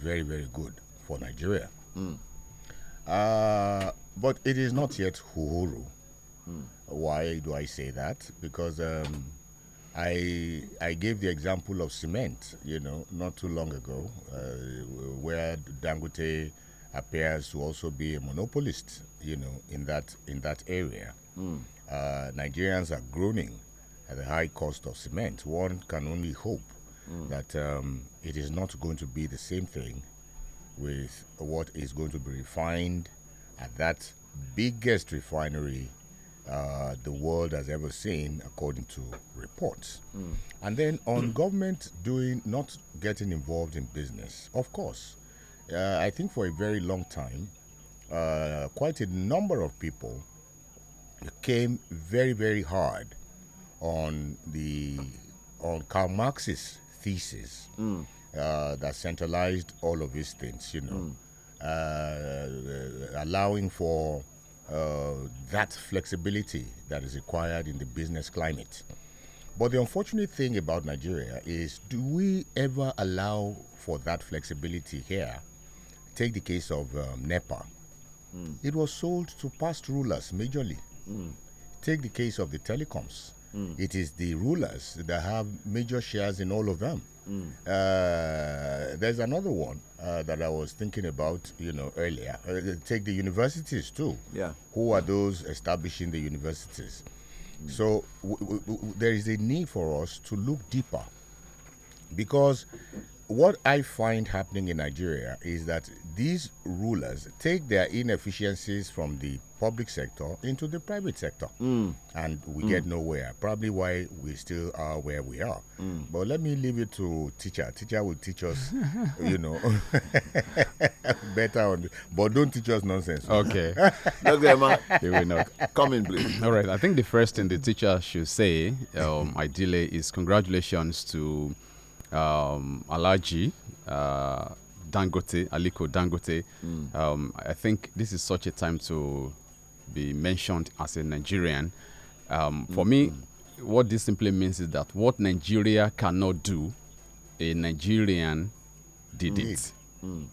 very, very good for Nigeria. Mm. Uh, but it is not yet Uhuru. Mm. Why do I say that? Because um, I I gave the example of cement, you know, not too long ago, uh, where Dangote appears to also be a monopolist, you know, in that in that area. Mm. Uh, Nigerians are groaning at the high cost of cement. One can only hope mm. that um, it is not going to be the same thing with what is going to be refined at that biggest refinery uh, the world has ever seen, according to reports. Mm. And then on government doing not getting involved in business, of course, uh, I think for a very long time, uh, quite a number of people came very very hard on the on Karl Marx's thesis mm. uh, that centralized all of these things, you know, mm. uh, uh allowing for uh, that flexibility that is required in the business climate. But the unfortunate thing about Nigeria is do we ever allow for that flexibility here? Take the case of um, NEPA. Mm. It was sold to past rulers majorly. Mm. Take the case of the telecoms Mm. It is the rulers that have major shares in all of them. Mm. Uh, there's another one uh, that I was thinking about, you know, earlier. Uh, take the universities too. Yeah. Who are those establishing the universities? Mm. So there is a need for us to look deeper, because what I find happening in Nigeria is that these rulers take their inefficiencies from the public sector into the private sector. Mm. And we mm. get nowhere. Probably why we still are where we are. Mm. But let me leave it to teacher. Teacher will teach us, you know, better on. The, but don't teach us nonsense. Okay. Dr. Emma, you will not. Come in, please. All right. I think the first thing the teacher should say, um, ideally, is congratulations to um, Alaji. Uh, Dangote, Aliko Dangote. Mm. Um, I think this is such a time to be mentioned as a Nigerian. Um, for mm -hmm. me, what this simply means is that what Nigeria cannot do, a Nigerian did mm -hmm. it. Mm.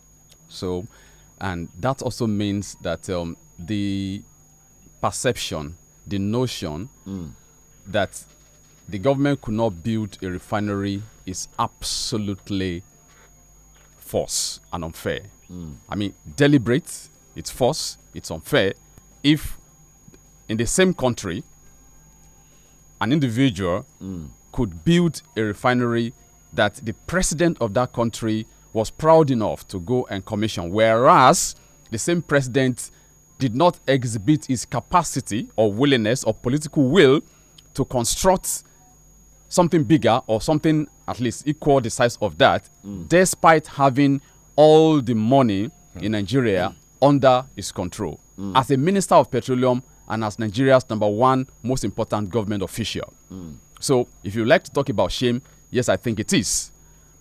So, and that also means that um, the perception, the notion mm. that the government could not build a refinery is absolutely false and unfair. Mm. I mean, deliberate, it's false, it's unfair, if in the same country an individual mm. could build a refinery that the president of that country was proud enough to go and commission, whereas the same president did not exhibit his capacity or willingness or political will to construct something bigger or something at least equal the size of that, mm. despite having all the money mm. in Nigeria under his control mm. as a minister of petroleum and as Nigeria's number one most important government official. Mm. So, if you like to talk about shame, yes, I think it is.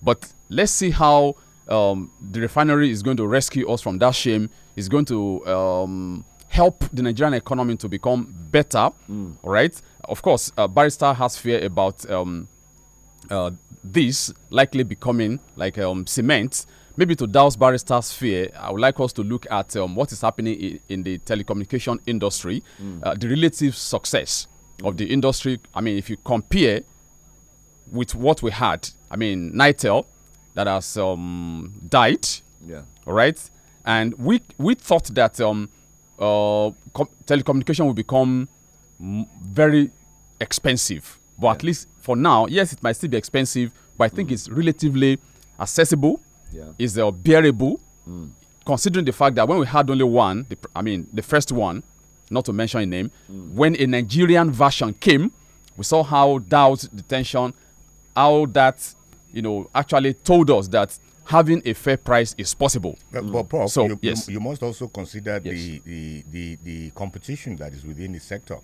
But let's see how um, the refinery is going to rescue us from that shame, is going to um, help the Nigerian economy to become better, mm. right? Of course, uh, Barrister has fear about um, uh, this likely becoming like um, cement Maybe to douse barrister's fear, I would like us to look at um, what is happening in, in the telecommunication industry, mm. uh, the relative success of the industry. I mean, if you compare with what we had, I mean, Nitel that has um, died, yeah, all right, and we we thought that um, uh, telecommunication would become very expensive, but yeah. at least for now, yes, it might still be expensive, but I think mm. it's relatively accessible yeah. is uh, bearable, mm. considering the fact that when we had only one, the, I mean, the first one, not to mention a name, mm. when a Nigerian version came, we saw how doubt detention, how that, you know, actually told us that having a fair price is possible. But, mm. but Prof, so, you, yes. you, must also consider yes. the, the, the, the competition that is within the sector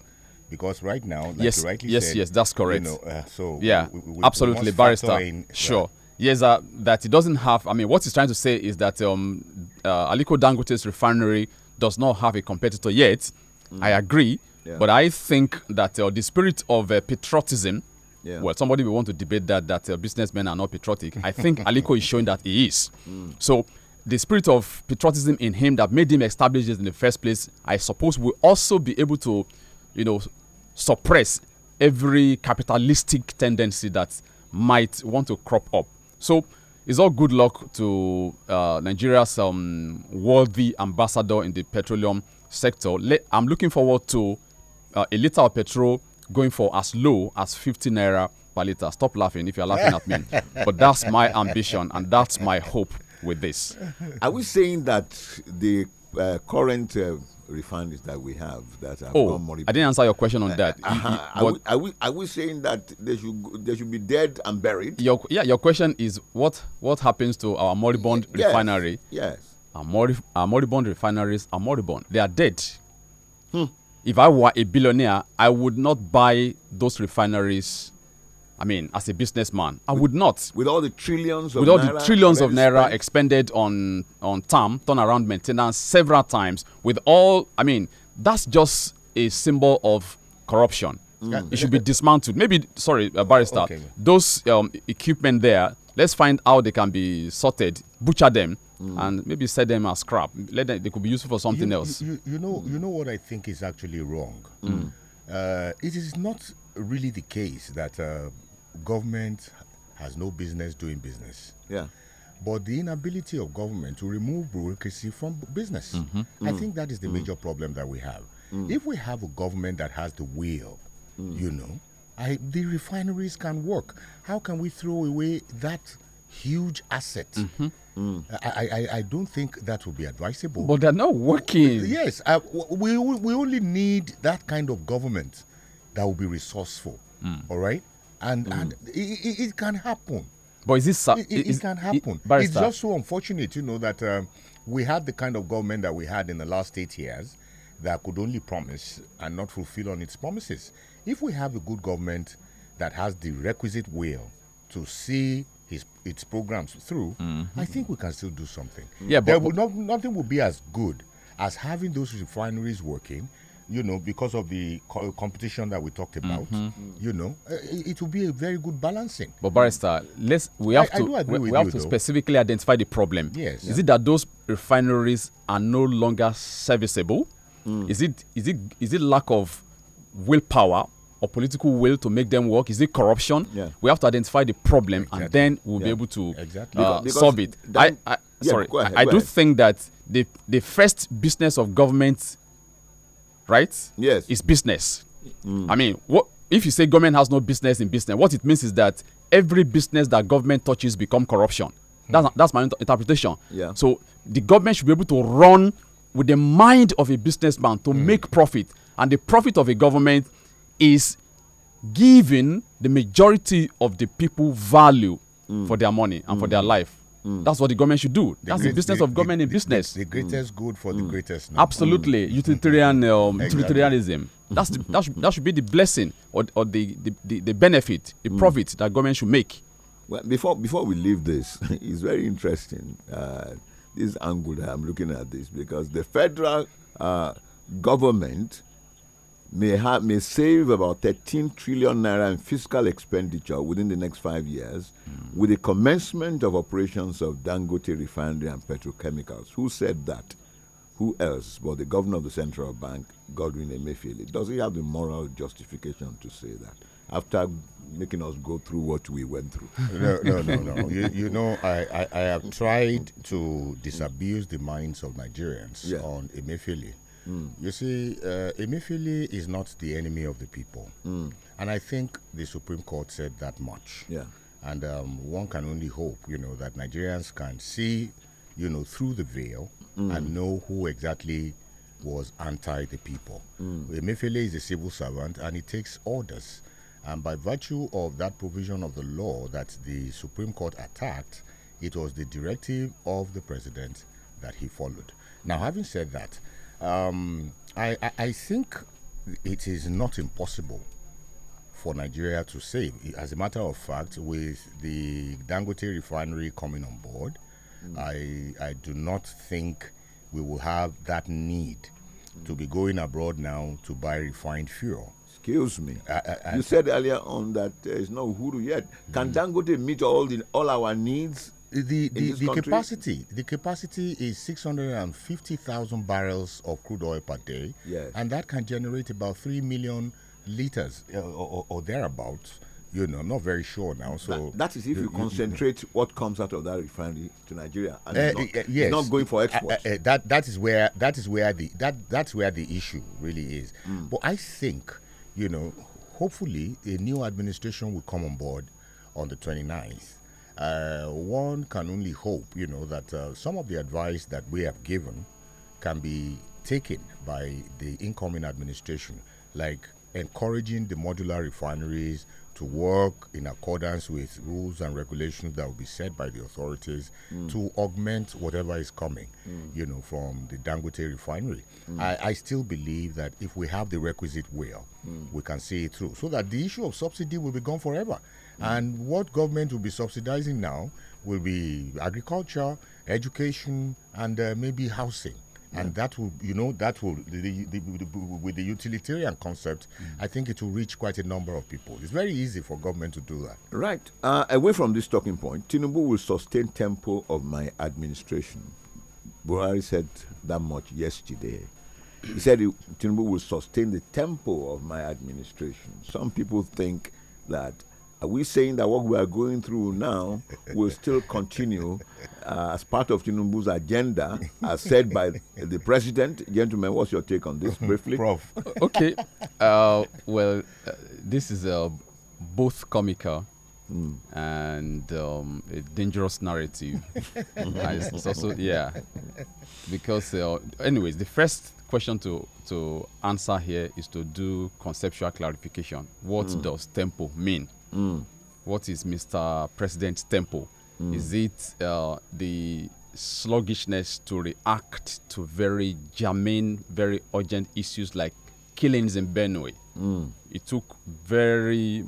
because right now, like yes, yes, said, yes, that's correct. You know, uh, so yeah, we, we, absolutely, barrister. In, sure. Yes, uh, that it doesn't have. I mean, what he's trying to say is that um, uh, Aliko Dangote's refinery does not have a competitor yet. Mm. I agree, yeah. but I think that uh, the spirit of uh, patriotism. Yeah. Well, somebody will want to debate that that uh, businessmen are not patriotic. I think Aliko is showing that he is. Mm. So the spirit of patriotism in him that made him establish this in the first place, I suppose, will also be able to, you know, suppress every capitalistic tendency that might want to crop up. So it's all good luck to uh, Nigeria's um, worthy ambassador in the petroleum sector. I'm looking forward to uh, a liter of petrol going for as low as 50 naira per liter. Stop laughing if you're laughing at me. but that's my ambition and that's my hope with this. Are we saying that the uh, current uh, refineries that we have that have oh, gone I didn't answer your question on eh, that. Uh, you, you, are, we, are, we, are we saying that they should they should be dead and buried? Your yeah, your question is what what happens to our moribund yes, refinery? Yes. Our, morib our moribund refineries are moribund. They are dead. Hmm. If I were a billionaire, I would not buy those refineries I mean, as a businessman, I with, would not. With all the trillions with all naira, the trillions of naira expended on on tam, turnaround maintenance several times, with all I mean, that's just a symbol of corruption. Mm. It should be dismantled. Maybe sorry, uh, barrister. Okay. Those um, equipment there, let's find out they can be sorted, butcher them, mm. and maybe sell them as scrap. Let them, they could be useful for something you, else. You, you, know, you know what I think is actually wrong. Mm. Uh, it is not really the case that. Uh, government has no business doing business. Yeah. But the inability of government to remove bureaucracy from business. Mm -hmm. I mm-hmm. think that is the mm. major problem that we have. Mm. If we have a government that has the will, mm. you know, I, the refineries can work. How can we throw away that huge asset? -hmm. Mm. I, I, I don't think that would be advisable. But they're not working. Yes, uh, we, we only need that kind of government that will be resourceful. Mm. All right? and mm. and it, it, it, can happen. But is this it, it is, can happen? it's just so unfortunate, you know, that um, we had the kind of government that we had in the last eight years that could only promise and not fulfill on its promises. If we have a good government that has the requisite will to see his, its programs through, mm. I think we can still do something. Yeah, there but, nothing will be as good as having those refineries working you know, because of the co competition that we talked about, mm-hmm. mm -hmm. you know, it, eh, eh, it, will be a very good balancing. But barrister, let's we have I, to I we, we have to though. specifically identify the problem. Yes, is yeah. it that those refineries are no longer serviceable? Mm. Is it is it is it lack of willpower or political will to make them work? Is it corruption? Yeah. We have to identify the problem exactly. and then we'll yeah. be able to exactly. uh, solve it. I, I sorry, ahead, I, I do ahead. think that the the first business of government right? Yes. It's business. Mm. I mean, what if you say government has no business in business? What it means is that every business that government touches become corruption. Hmm. That's, mm. that's my inter interpretation. Yeah. So the government should be able to run with the mind of a businessman to mm. make profit. And the profit of a government is giving the majority of the people value mm. for their money and mm. for their hmm. life. Mm. That's what the government should do. The That's the business the, of government the, in business. The, greatest mm. good for mm. the greatest. Absolutely, mm. utilitarian um, exactly. utilitarianism. That's that, should, that should be the blessing or, or the, the, the, benefit, the mm. profit that government should make. Well, before before we leave this, it's very interesting uh, this angle that I'm looking at this because the federal uh, government may have may save about 13 trillion naira in fiscal expenditure within the next five years mm. with the commencement of operations of Dangote Refinery and Petrochemicals. Who said that? Who else but the governor of the central bank, Godwin Emefiele? Does he have the moral justification to say that after making us go through what we went through? no, no, no, no. you, you, know, I, I, I, have tried to disabuse the minds of Nigerians yeah. on Emefiele Mm. You see, uh, Emifili is not the enemy of the people. Mm. And I think the Supreme Court said that much. Yeah. And um, one can only hope, you know, that Nigerians can see, you know, through the veil mm. and know who exactly was anti the people. Mm. is a civil servant and he takes orders. And by virtue of that provision of the law that the Supreme Court attacked, it was the directive of the president that he followed. Now, having said that, um, I, I, I think it is not impossible for Nigeria to save. As a matter of fact, with the Dangote refinery coming on board, mm. I, I do not think we will have that need mm. to be going abroad now to buy refined fuel. Excuse me. I, uh, I, uh, uh, you said earlier on that there is it's not yet. Can mm. Dangote meet all the all our needs the the, the capacity the capacity is 650,000 barrels of crude oil per day yes. and that can generate about 3 million liters uh, or, or, thereabouts you know i'm not very sure now so that, that is if you, you concentrate you, what comes out of that refinery to nigeria and uh, not, uh, yes. not going for uh, uh, export uh, that that is where that is where the that that's where the issue really is mm. but i think you know hopefully a new administration will come on board on the 29th uh, one can only hope, you know, that uh, some of the advice that we have given can be taken by the incoming administration, like encouraging the modular refineries to work in accordance with rules and regulations that will be set by the authorities mm. to augment whatever is coming, mm. you know, from the Dangote refinery. Mm. I, I, still believe that if we have the requisite will, mm. we can see it through so that the issue of subsidy will be gone forever. And what government will be subsidizing now will be agriculture, education, and uh, maybe housing. Yeah. And that will, you know, that will, the, the, the, with the utilitarian concept, mm. I think it will reach quite a number of people. It's very easy for government to do that. Right. Uh, away from this talking point, Tinubu will sustain tempo of my administration. Buhari said that much yesterday. He said Tinubu will sustain the tempo of my administration. Some people think that are we saying that what we are going through now will still continue uh, as part of Tinubu's agenda, as said by the president? Gentlemen, what's your take on this briefly? Prof. Okay. Uh, well, uh, this is uh, both comical. Mm. and um, a dangerous narrative. it's also yeah, because uh, anyways, the first question to to answer here is to do conceptual clarification. What mm. does tempo mean? Mm. What is Mr. President's tempo? Mm. Is it uh, the sluggishness to react to very germane, very urgent issues like killings in Benue? Mm. It took very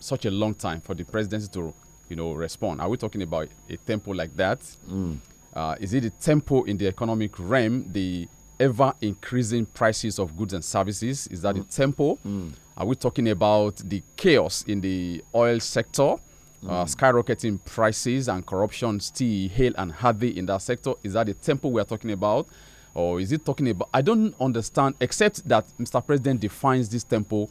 such a long time for the presidency to you know respond. Are we talking about a tempo like that? Mm. Uh, is it the tempo in the economic realm, the ever increasing prices of goods and services? Is that mm. the tempo? Mm. Are we talking about the chaos in the oil sector? Uh, mm. Uh, skyrocketing prices and corruption still hail and heavy in that sector. Is that the temple we are talking about? Or is it talking about? I don't understand, except that Mr. President defines this temple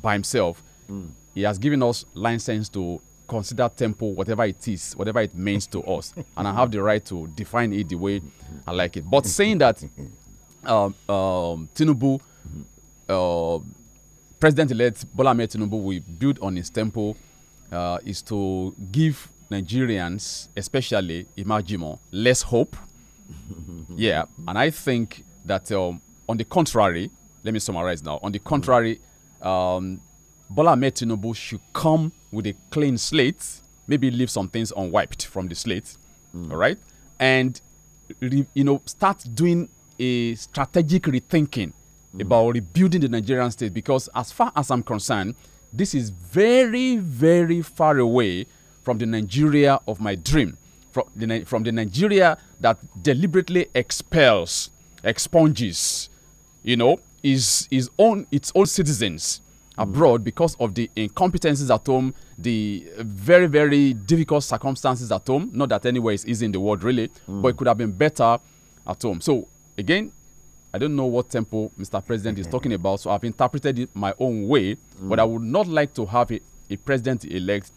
by himself. Mm. He has given us license to consider temple whatever it is, whatever it means to us. And I have the right to define it the way mm-hmm. I like it. But saying that um, um, Tinubu mm-hmm. uh, President-elect Bola Ahmed Tinubu will build on his temple uh, is to give Nigerians, especially Imajimo, less hope. yeah, and I think that um, on the contrary, let me summarize now. On the contrary, um, Bola Ahmed Tinubu should come with a clean slate, maybe leave some things unwiped from the slate, mm. all right, and you know start doing a strategic rethinking mm. about rebuilding the Nigerian state because, as far as I'm concerned, this is very, very far away from the Nigeria of my dream, from the, from the Nigeria that deliberately expels, expunges, you know, is, is own, its own citizens mm. abroad because of the incompetencies at home, the very, very difficult circumstances at home. Not that anywhere is easy in the world, really, mm. but it could have been better at home. So, again, I don't know what tempo Mr. President is talking about, so I've interpreted it my own way. Mm. But I would not like to have a, a president elect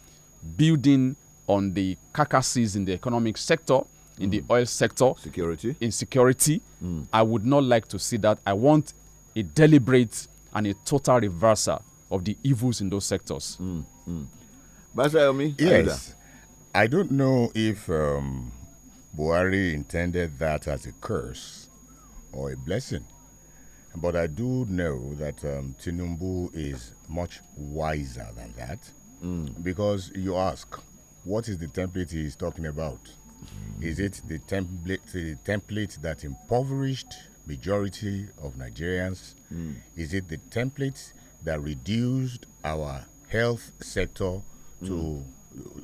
building on the carcasses in the economic sector, in mm. the oil sector, security, insecurity. Mm. I would not like to see that. I want a deliberate and a total reversal of the evils in those sectors. Mm. Mm. yes. I don't know if um, Buhari intended that as a curse or a blessing. But I do know that um, Tinumbu is much wiser than that mm. because you ask, what is the template he is talking about? Is it the template, the template that impoverished majority of Nigerians? Mm. Is it the template that reduced our health sector to, mm.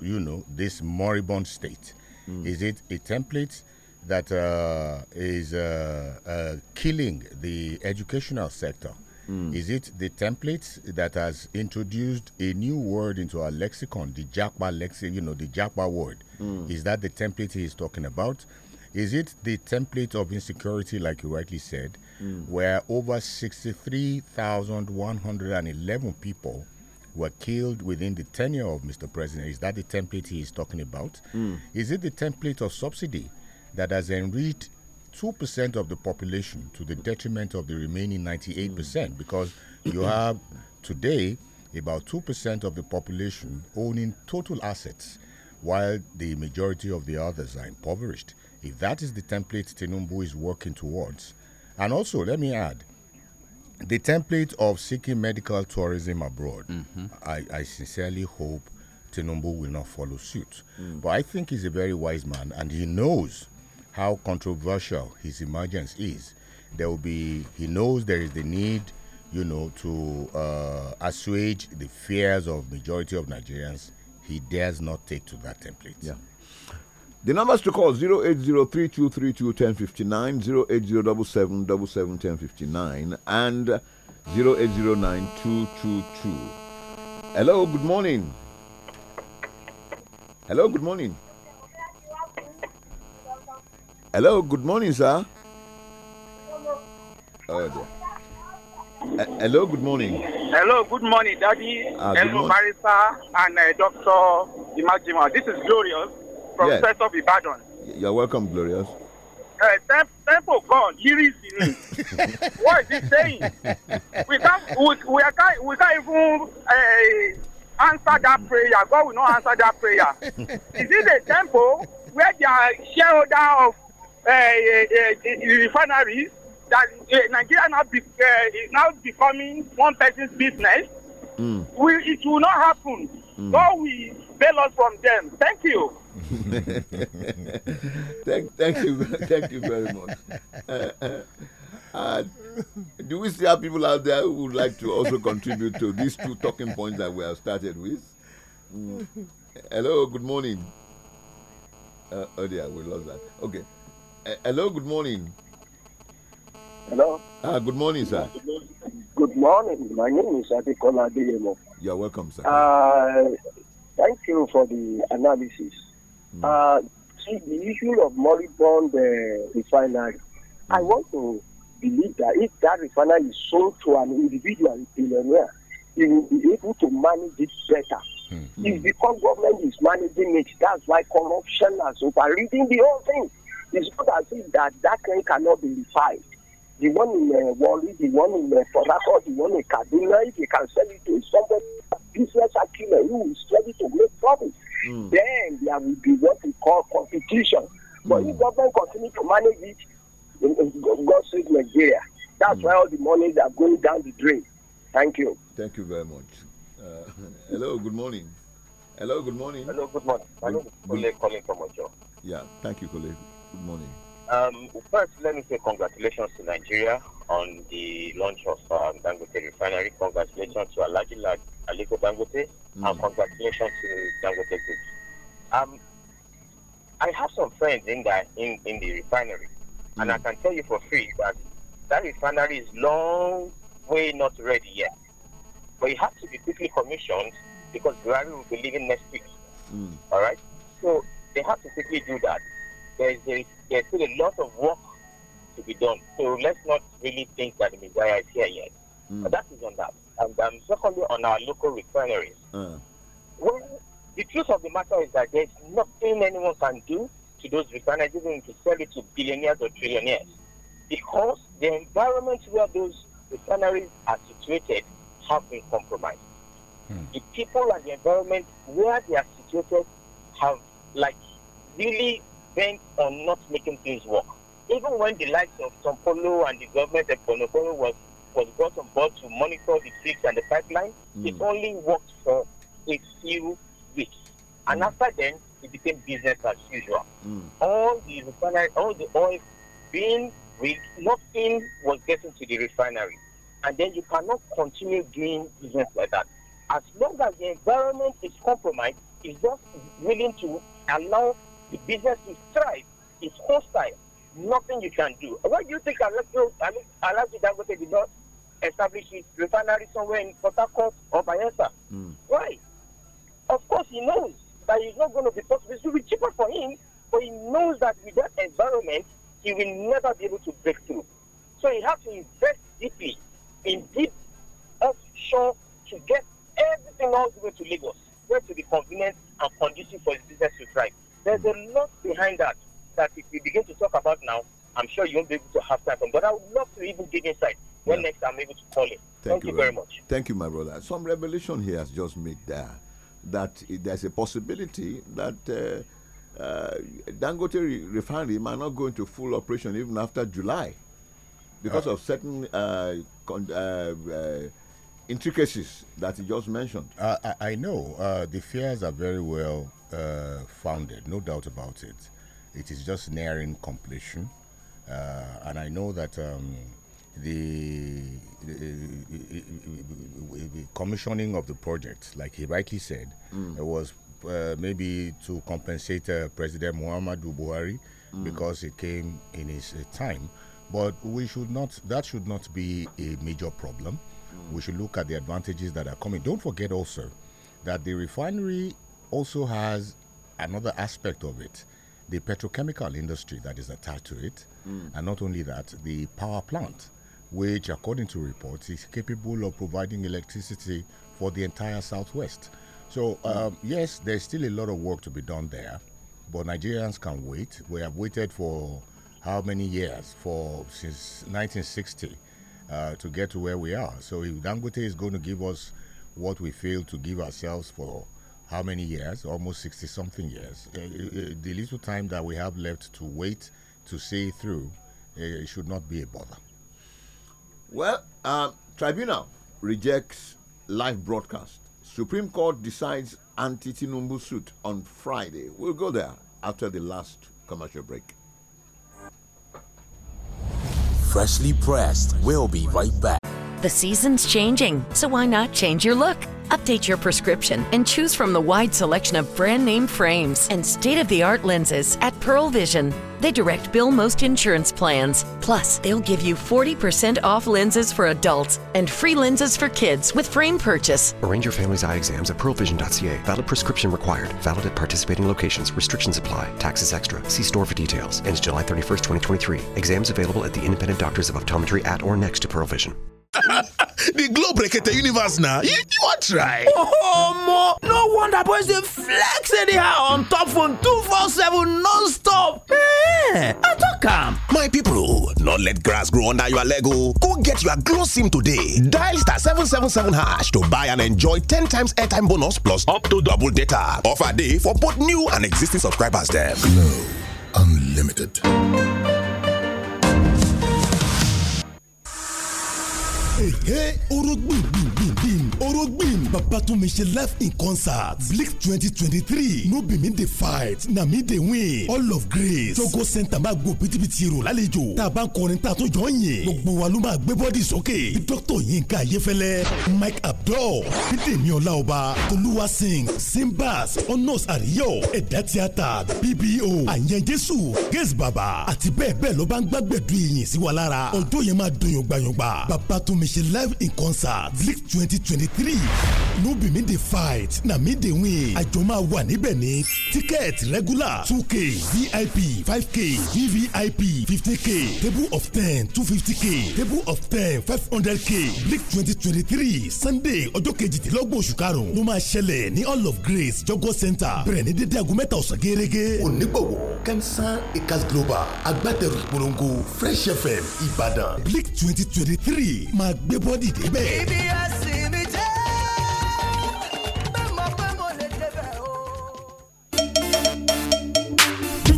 you know, this moribund state? Mm. Is it a template that uh, is uh, uh, killing the educational sector? Mm. Is it the template that has introduced a new word into our lexicon, the Japa lexicon, you know, the Japa word? Mm. Is that the template he's talking about? Is it the template of insecurity, like you rightly said, mm. where over 63,111 people were killed within the tenure of Mr. President? Is that the template he is talking about? Is it the template of subsidy? that has enriched 2% of the population to the detriment of the remaining 98% because you have today about 2% of the population owning total assets while the majority of the others are impoverished. If that is the template Tinubu is working towards, and also let me add, the template of seeking medical tourism abroad, mm-hmm. I, I, sincerely hope Tinubu will not follow suit. Mm. But I think he's a very wise man and he knows how controversial his emergence is. There will be, he knows there is the need, you know, to uh, assuage the fears of majority of Nigerians. He dares not take to that template. Yeah. The numbers to call 08032321059, 08077771059, and 0809222. Hello, good morning. Hello, good morning. Hello, good morning, sir. Oh, dear. Hello, good morning. Hello, good morning, Daddy. Ah, Hello, Marisa and uh, Dr. Imajima. This is Glorious from yes. Set of Ibadan. You're welcome, Glorious. Uh, temple God, lyrics in it. what is he saying? We can't, we, we can't, we can't even uh, answer that prayer. God will not answer that prayer. is it a temple where the shareholder of Eh, eh, eh, refineries that Nigeria now be, is now becoming one person's business. Mm. We, it will not happen. Mm. we bail us from them. Thank you. thank, thank you, thank you very much. Uh, uh do we still have people out there who would like to also contribute to these two talking points that we have started with? Mm. Hello, good morning. Uh, oh dear, we lost that. Okay. Eh, hello, good morning. Hello. Ah, good morning, sir. Good morning. My name is Adekola Adeyemo. You're welcome, sir. Uh, thank you for the analysis. Mm. Uh, see, the issue of moribund uh, refinery, mm. I hmm. want to believe that if that refinery is sold to an individual billionaire, he will be able to manage it better. Mm. It's because government is managing it. That's why corruption has overridden the whole thing. It's not as if that that thing cannot be defied. The one in uh, Wari, the one in uh, Forako, the one in Kaduna, if you can sell it to somebody, a business acumen who is ready to make profit, mm. then there will be what we call competition. Mm. But if hmm. government continue to manage it, God save Nigeria. That's mm. why all the money is going down the drain. Thank you. Thank you very much. Uh, hello, good morning. Hello, good morning. Hello, good morning. Good, good. Kole calling from Ojo. Yeah, thank you, Kole. Good morning. Um, first, let me say congratulations to Nigeria on the launch of um, Dangote Refinery. Congratulations to Alagi Aliko Dangote, mm. and congratulations to Dangote Group. Um, I have some friends in the in, in the refinery, mm. and I mm. can tell you for free that that refinery is long way not ready yet. But it has to be quickly commissioned because Granny will be leaving next week. Mm. All right, so they have to quickly do that there's, a, there's still a lot of work to be done. So let's not really think that the Mibaya is here yet. Mm. But that is on that. And um, secondly, on our local refineries. Uh. Well, the truth of the matter is that there's nothing anyone can do to those refineries, even to sell it to billionaires or trillionaires, because the environment where those refineries are situated have been compromised. Hmm. The people and the environment where they are situated have, like, really bent on not making things work. Even when the likes of Tompolo and the government of Ponopolo was, was brought on board to monitor the rigs and the pipeline, mm. it only worked for a few weeks. And mm. after then, it became business as usual. Mm. All the refinery, all the oil being rigged, nothing was getting to the refinery. And then you cannot continue doing business like that. As long as the environment is compromised, it's just willing to allow the business to thrive. is hostile. Nothing you can do. Why do you think Alaji Dangote did not establish his refinery somewhere in Port Harcourt or Bayelsa? Mm. Why? Of course, he knows that it's not going to be possible. It will be cheaper for him, but he knows that with that environment, he will never be able to break through. So he has to invest deeply in deep offshore to get everything all the way to Lagos, where to be convenient and conducive for his business to thrive. There's a lot behind that that if we begin to talk about now, I'm sure you won't be able to have time. But I would love to even give insight when yeah. next I'm able to call it. Thank, Thank you, you very much. Thank you, my brother. Some revelation here has just made there that there's a possibility that uh, uh, Dangote refinery might not go into full operation even after July because uh, of certain uh, uh, uh, intricacies that you just mentioned. I, I, know the fears are very well uh, founded, no doubt about it. It is just nearing completion. Uh, and I know that um, the, the, the, commissioning of the project, like he rightly said, mm. was uh, maybe to compensate uh, President Muhammadu Buhari mm. because it came in his uh, time. But we should not. That should not be a major problem. Mm. We should look at the advantages that are coming. Don't forget also that the refinery also has another aspect of it the petrochemical industry that is attached to it, mm. and not only that, the power plant, which, according to reports, is capable of providing electricity for the entire southwest. So, mm. um, yes, there's still a lot of work to be done there, but Nigerians can wait. We have waited for how many years? For since 1960 uh, to get to where we are. So, if Dangote is going to give us what we failed to give ourselves for how many years, almost 60 something years. Uh, uh, uh, the little time that we have left to wait to see through uh, should not be a bother. Well, uh, tribunal rejects live broadcast. Supreme Court decides anti Tinumbu suit on Friday. We'll go there after the last commercial break. Freshly pressed. We'll be right back. The season's changing, so why not change your look? Update your prescription and choose from the wide selection of brand name frames and state of the art lenses at Pearl Vision. They direct bill most insurance plans. Plus, they'll give you 40% off lenses for adults and free lenses for kids with frame purchase. Arrange your family's eye exams at pearlvision.ca. Valid prescription required. Valid at participating locations. Restrictions apply. Taxes extra. See store for details. Ends July 31st, 2023. Exams available at the independent doctors of optometry at or next to Pearl Vision. the globe the universe now. you, you wan try. Oh mo, no wonder boys they flex anyhow on top phone two four seven non-stop. Hey, eh, i talk am. my people not let grass grow under your lego. Oh. go get your glow sim today dial star seven seven seven hash to buy and enjoy ten times airtime bonus plus up to double data offer day for both new and existing subscribers dem. glow unlimited. ehe orogbin Rogbin Babatunmi ṣe live in concert Blix 2023, No Be Me the Fight Na Me the Win All of Grace Jogo Center máa gbó pitipiti rò lálejò tá a bá ń kọrin tá a tún jọ ń yìn gbogbo wa ló máa gbé bọ́dì sókè bí Yinka Ayefẹ́lẹ́ Mike Abdul Bídèmí Ọláọba Tolúwa Sing Simbas Honours Àríyọ̀ Ẹ̀dá Tíátà BBO Àyẹn Jésù Gẹ́sì Baba. àti bẹ́ẹ̀ bẹ́ẹ̀ ló bá ń gbàgbẹ́dù ìyìn sí wa lára ọjọ́ yẹn máa dùn yọ̀ngbàyọ̀ngbà Babatunmi ṣe live in concert Blix 2023 three no be me the fight na me the win àjọ wa wà níbẹ̀ ní ticket regular two k vip five k vvip fifty k table of ten two fifty k table of ten five hundred k league twenty twenty three sunday ọjọ́ kejìdínlọ́gbọ̀n oṣù karùn-ún ló máa ṣẹlẹ̀ ní all of grace jọgọ́ center bẹ̀rẹ̀ ní dédé aago mẹ́ta ọ̀sán gẹ́gẹ́. onígbàwọ̀ kẹ́mísán ecas global agbátẹrù ìpolongo fresh fm ìbàdàn league twenty twenty three máa gbé bọ́ọ̀dì débẹ̀. ibi àsìmí.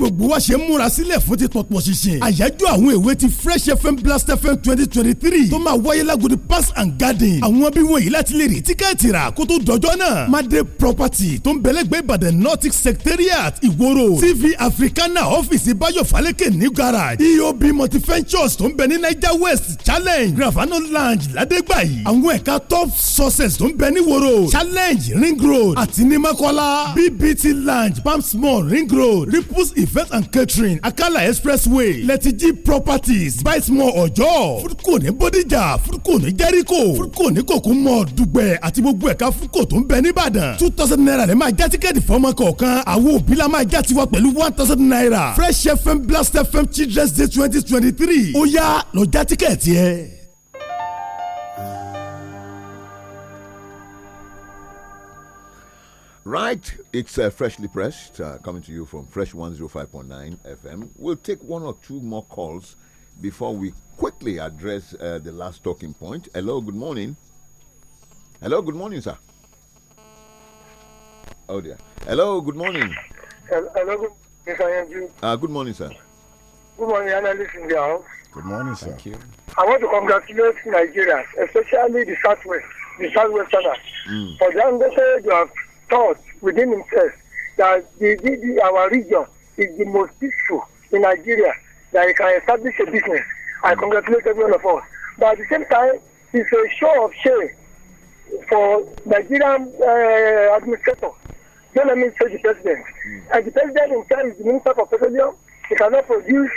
gbogbo wa ṣe múra sílẹ̀ fún ti tọ̀pọ̀ ṣinṣin àyájọ́ àwọn èwe ti fresh fm blast fm twenty twenty three tó máa wáyé lágodi parks and garden àwọn bí wọ̀nyí láti lè rí tíkẹ́ẹ̀tì rà kó tó dọjọ́ náà madre property tó ń bẹ̀lẹ́gbẹ́ ìbàdàn nordic secretariat ìwòrò tv africana ọ́fíìsì báyọ̀ faleke ní garage eob multiventures tó ń bẹ ní niger west challenge gravano lounge ládégbàyí àwọn ẹ̀ka top success tó ń bẹ ní wòrò challenge ring road àti ní mọ́kọ́lá bbt lounge Palm small ring road ripples if event and catering akala expressway letiji properties buy small ọjọ́ furuko ní bodijà furuko ní jẹ́ríkò furuko ní kòkúmọ̀ dùgbẹ̀ àti gbogbo ẹ̀ka furuko tó ń bẹ nìbàdàn two thousand naira lè máa já tíkẹ́ẹ̀tì fọmọ kọ̀ọ̀kan àwọn òbí la máa já tiwa pẹ̀lú one thousand naira fresh fm blast fm children's day twenty twenty three ó yá lọ já tíkẹ́ẹ̀tì yẹn. Right, it's uh, freshly pressed, uh, coming to you from Fresh 105.9 FM. We'll take one or two more calls before we quickly address uh, the last talking point. Hello, good morning. Hello, good morning, sir. Oh dear. Hello, good morning. Hello, uh, good morning, sir. good morning, sir. Good morning, analyst in the house. Good morning, sir. Thank you. I want to congratulate Nigerians, especially the Southwest, the Southwesterners, mm. for the understanding you have uh, thoughts within himself that the, the, the, our region is the most peaceful in Nigeria, that he can establish a business. I congratulate every one of us. But at the same time, it's a show of shame for Nigerian uh, administrator. Don't let me say the president. Mm. And the president in turn is the minister for petroleum. He cannot produce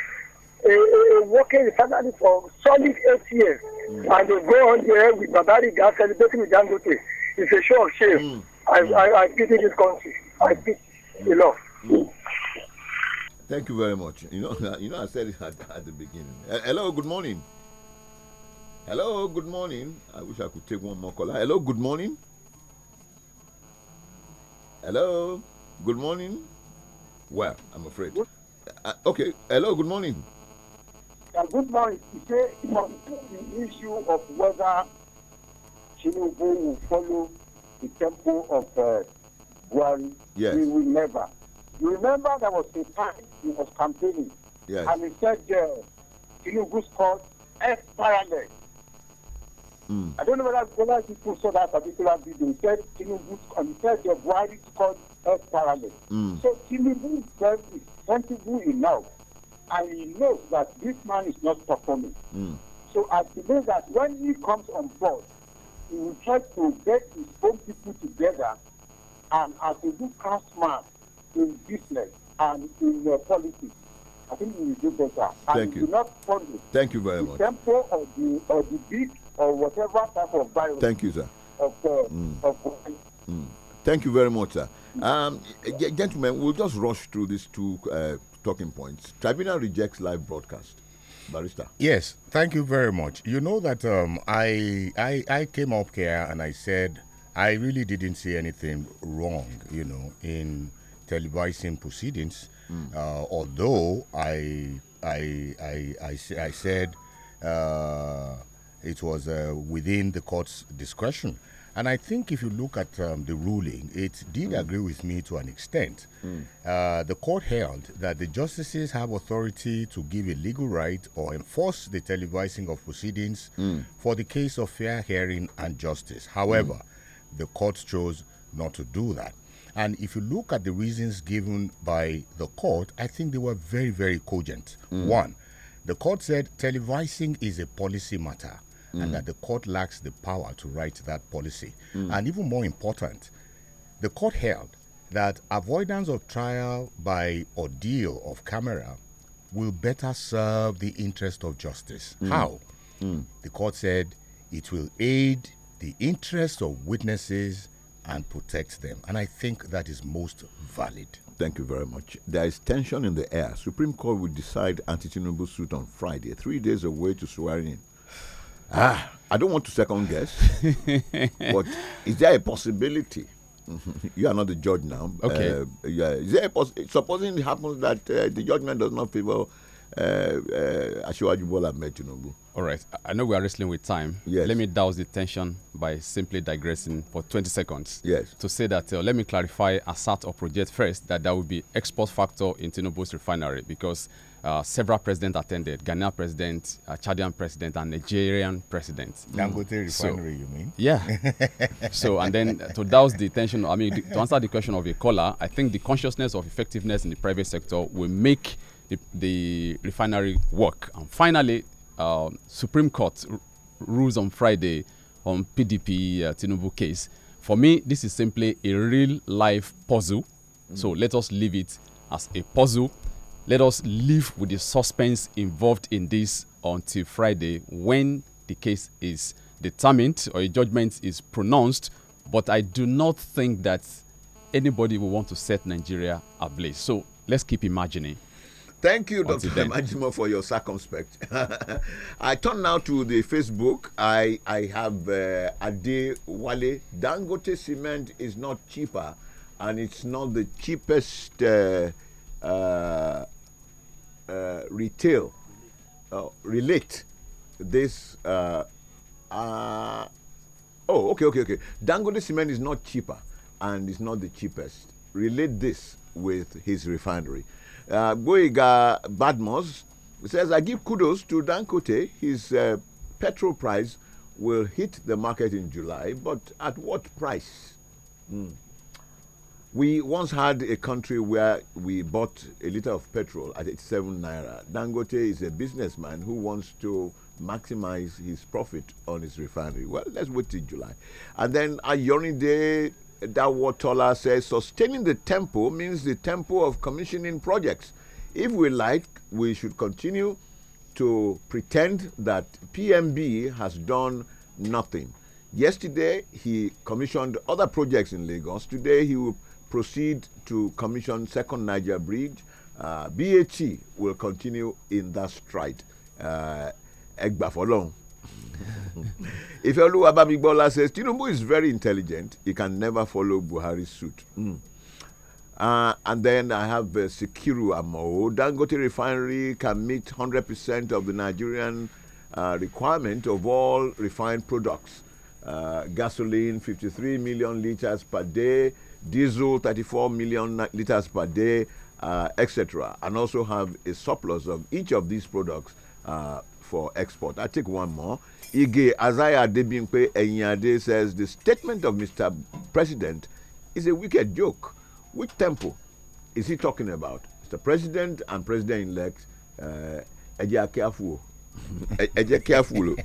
a, a, a working refinery for solid eight years. Mm. And they go on there with Babari gas celebrating with Dangote. It's a show of shame. Mm. I, I, I pity this country. I pity the love. Thank you very much. You know, you know, I said it at, at the beginning. Hello, good morning. Hello, good morning. I wish I could take one more call. Hello, good morning. Hello, good morning. Well, I'm afraid. Uh, okay, hello, good morning. good morning. You say the issue of whether Tinubu will follow the temple of uh, Buhari, yes. we will never. You remember there was a time he was campaigning, yes. and he said uh, who's called F parallel. Mm. I don't know whether, whether people saw that particular video. He said Tinubu's and he said the is called F parallel. Mm. So Tinubu himself is sensible enough, and he knows that this man is not performing. Mm. So I believe that when he comes on board, he will try to get his own people together and as a good craftsman in business and in uh, politics. I think we will do better. And Thank you. not fund Thank you very the much. Tempo or the or the or whatever type of virus. Thank you, sir. Of, uh, mm. of, mm. Thank you very much, sir. Um, gentlemen, we'll just rush through these two uh, talking points. Tribunal rejects live broadcast. Barrister. Yes, thank you very much. You know that um, I, I I came up here and I said I really didn't see anything wrong, you know, in televising proceedings. Mm. Uh, although I I I I, I said uh, it was uh, within the court's discretion. And I think if you look at um, the ruling, it did mm. agree with me to an extent. Mm. Uh, the court held that the justices have authority to give a legal right or enforce the televising of proceedings mm. for the case of fair hearing and justice. However, mm. the court chose not to do that. And if you look at the reasons given by the court, I think they were very, very cogent. Mm. One, the court said televising is a policy matter mm. and that the court lacks the power to write that policy. Mm. And even more important, the court held that avoidance of trial by ordeal of camera will better serve the interest of justice. Mm. How? Mm. The court said it will aid the interest of witnesses and protect them. And I think that is most valid. Thank you very much. There is tension in the air. Supreme Court will decide anti-Tinubu suit on Friday, three days away to swearing in. Ah, I don't want to second guess, but is there a possibility? you are not the judge now. Okay. Uh, yeah. Is there a possibility? supposing it happens that uh, the judgment does not favor uh, uh, Ashwajubola Tinubu. All right. I know we are wrestling with time. Yes. Let me douse the tension by simply digressing for 20 seconds. Yes. To say that, uh, let me clarify ASAT or project first that there will be export factor in Tinubu's refinery because uh, several presidents attended Ghanaian president, uh, Chadian president, and Nigerian president. Mm. Dangote refinery, so, you mean? Yeah. so, and then to douse the tension, I mean, to answer the question of a caller, I think the consciousness of effectiveness in the private sector will make the, the refinery work. And finally, um, Supreme Court rules on Friday on PDP uh, Tinubu case. For me, this is simply a real life puzzle. Mm. So let us leave it as a puzzle let us live with the suspense involved in this until Friday when the case is determined or a judgment is pronounced. But I do not think that anybody will want to set Nigeria ablaze. So let's keep imagining. Thank you, Until Dr. Majimo, for your circumspect. I turn now to the Facebook. I I have uh, Ade Wale. Dangote cement is not cheaper, and it's not the cheapest uh, uh, uh, retail, uh, relate this. Uh, uh, oh, okay, okay, okay. Dangote cement is not cheaper and it's not the cheapest. Relate this with his refinery. Uh, Goiga Badmos says, I give kudos to Dangote. His uh, petrol price will hit the market in July, but at what price? Mm. We once had a country where we bought a liter of petrol at 87 naira. Dangote is a businessman who wants to maximize his profit on his refinery. Well, let's wait till July. And then Dawo Tola says sustaining the tempo means the tempo of commissioning projects. If we like, we should continue to pretend that PMB has done nothing. Yesterday, he commissioned other projects in Lagos. Today, he will proceed to commission second Niger bridge. Uh, BAT will continue in that stride. Egba uh, for long. if Oluwa Babigbola says Tinubu is very intelligent, he can never follow Buhari's suit. Mm. Uh, and then I have uh, Sikiru Amo. Dangote Refinery can meet 100% of the Nigerian uh, requirement of all refined products. Uh, gasoline, 53 million liters per day. diesel 34 million liters per day, uh, etc., and also have a surplus of each of these products uh, for export. I take one more. Ige Azaya Debimpe Enyade says the statement of Mr. President is a wicked joke. Which temple is he talking about? Mr. President and President elect Ejiakeafuo. Uh, I, just careful.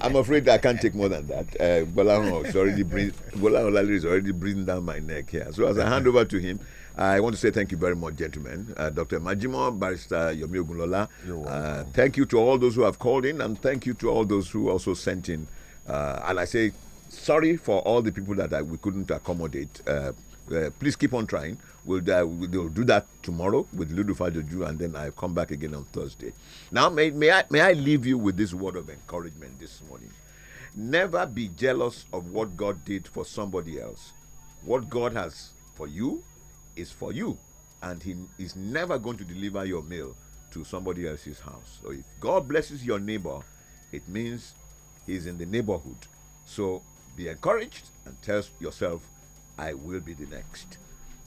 I'm afraid I can't take more than that. Uh, is already bring, Lali is already breathing down my neck here. So as I hand over to him, I want to say thank you very much, gentlemen. Uh, Dr. Majimo, Barrister Yomi Ogunlola. Uh, thank you to all those who have called in, and thank you to all those who also sent in. Uh, and I say sorry for all the people that I, we couldn't accommodate. Uh, uh, please keep on trying. We'll, uh, we'll do that tomorrow with Ludufa Joju, and then I'll come back again on Thursday. Now, may, may, I, may I leave you with this word of encouragement this morning? Never be jealous of what God did for somebody else. What God has for you is for you, and He is never going to deliver your mail to somebody else's house. So, if God blesses your neighbor, it means He's in the neighborhood. So, be encouraged and tell yourself I will be the next.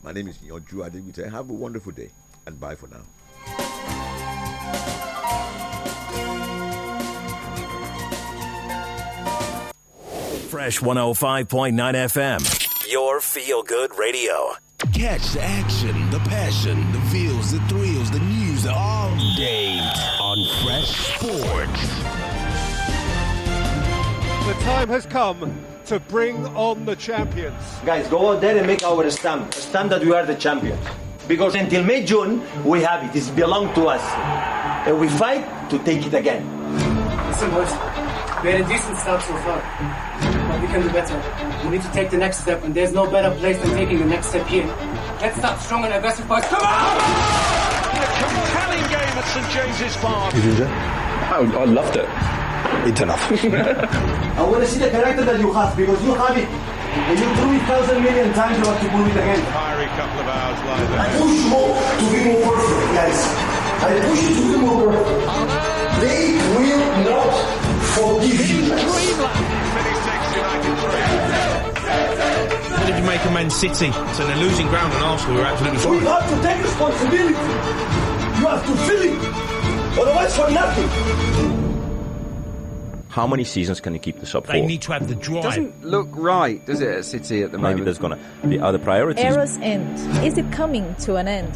My name is Nyonju Adewite. Have a wonderful day and bye for now. Fresh 105.9 FM, your feel good radio. Catch the action, the passion, the feels, the thrills, the news all day on Fresh Sports. The time has come to bring on the champions. Guys, go out there and make our stamp, stamp that we are the champions. Because until May, June, we have it. It belongs to us. And we fight to take it again. Listen, boys, we had a decent start so far. But we can do better. We need to take the next step, and there's no better place than taking the next step here. Let's start strong and aggressive, boys. Come on! A compelling game at St James's Park. You did that? I loved it it's enough. I want to see the character that you have because you have it. And you threw it thousand million times, you have to pull it again. A couple of hours that. I push you to be more perfect, guys. I push you to be more perfect. They will not forgive you. What did you make of Man City? So they're losing ground and Arsenal We're absolutely fine. You have to take responsibility. You have to feel it. Otherwise, for nothing. How many seasons can you keep this up they for? They need to have the drive. Doesn't look right, does it, City at the moment? Maybe there's gonna the other priorities. Era's end. Is it coming to an end?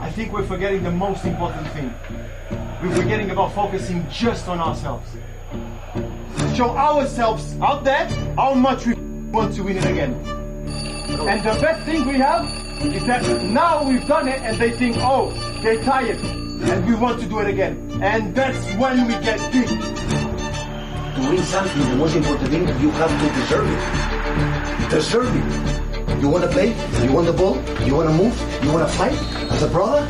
I think we're forgetting the most important thing. We're forgetting about focusing just on ourselves. Show ourselves out there how much we want to win it again. And the best thing we have is that now we've done it and they think, oh, they're tired. And we want to do it again. And that's when we get deep. To win something, the most important thing, you have to deserve it. Deserve it. You want to play? You want the ball? You want to move? You want to fight? As a brother?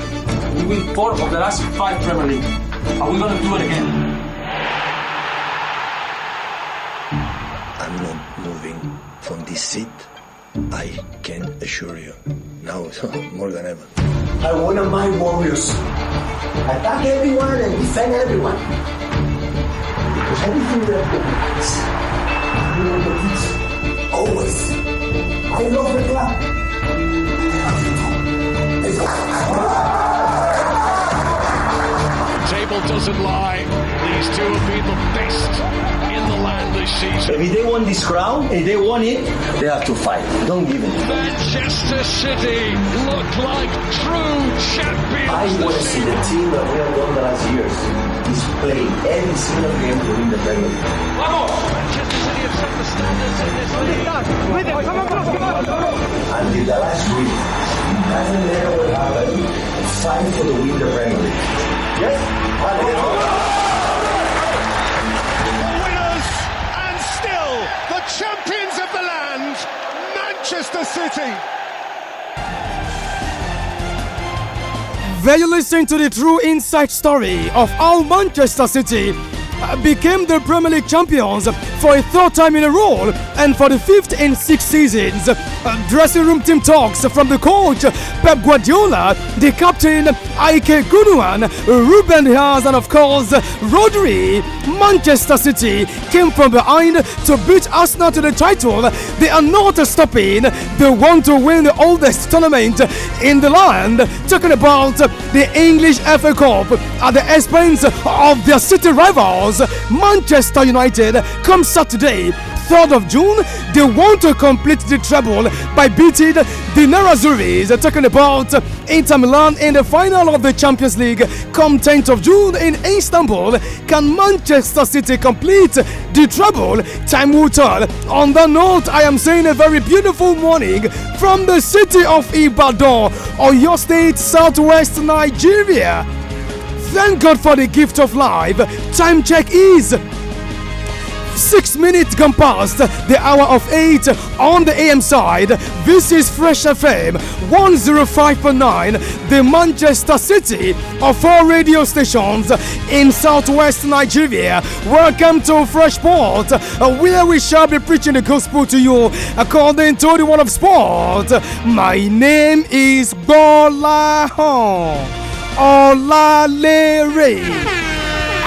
We win four of the last five Premier League. Are we going to do it again? I'm not moving from this seat I can assure you, now more than ever. I want my warriors. Attack everyone and defend everyone. Because everything that happens, you want the it Always. I love the club. Table doesn't lie. These two have been the best if they want this crown, if they want it, they have to fight. Don't give it. Manchester City look like true champions. I want to see the team that we have won the last years is playing every single game to win the Premier League. Vamos! Manchester City have set the standards in this league. come on, come on, come on! the last week, nothing ever will happen. Fight for the win the Premier League. Yes? Vale. Manchester City. Where you listening to the true inside story of all Manchester City uh, became the Premier League champions for a third time in a row and for the fifth in six seasons. Uh, dressing room team talks from the coach Pep Guardiola, the captain Ike Gunuan, Ruben Diaz, and of course Rodri. Manchester City came from behind to beat Arsenal to the title. They are not stopping. They want to win the oldest tournament in the land. Talking about the English FA Cup at the expense of their city rivals. Manchester United come Saturday, 3rd of June, they want to complete the treble by beating the Nerazzurris, talking about Inter Milan in the final of the Champions League come 10th of June in Istanbul. Can Manchester City complete the treble? Time will tell. On that note, I am saying a very beautiful morning from the city of Ibadan, Oyo State, Southwest Nigeria. Thank God for the gift of life. Time check is six minutes gone past the hour of eight on the AM side. This is Fresh FM 105.9, the Manchester City of four radio stations in southwest Nigeria. Welcome to Fresh Sport, uh, where we shall be preaching the gospel to you according to the word of sport. My name is Bola Hong. Olalere.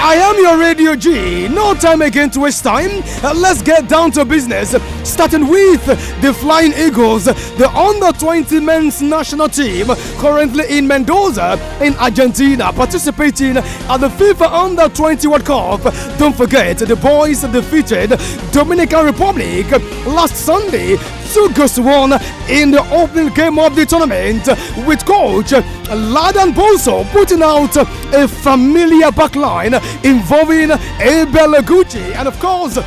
I am your Radio G. No time again to waste time. Uh, let's get down to business. Starting with the Flying Eagles, the under 20 men's national team, currently in Mendoza, in Argentina, participating at the FIFA Under 20 World Cup. Don't forget, the boys defeated Dominican Republic last Sunday 2 won to 1 in the opening game of the tournament, with coach Ladan Boso putting out a familiar backline involving Abel Gucci and, of course,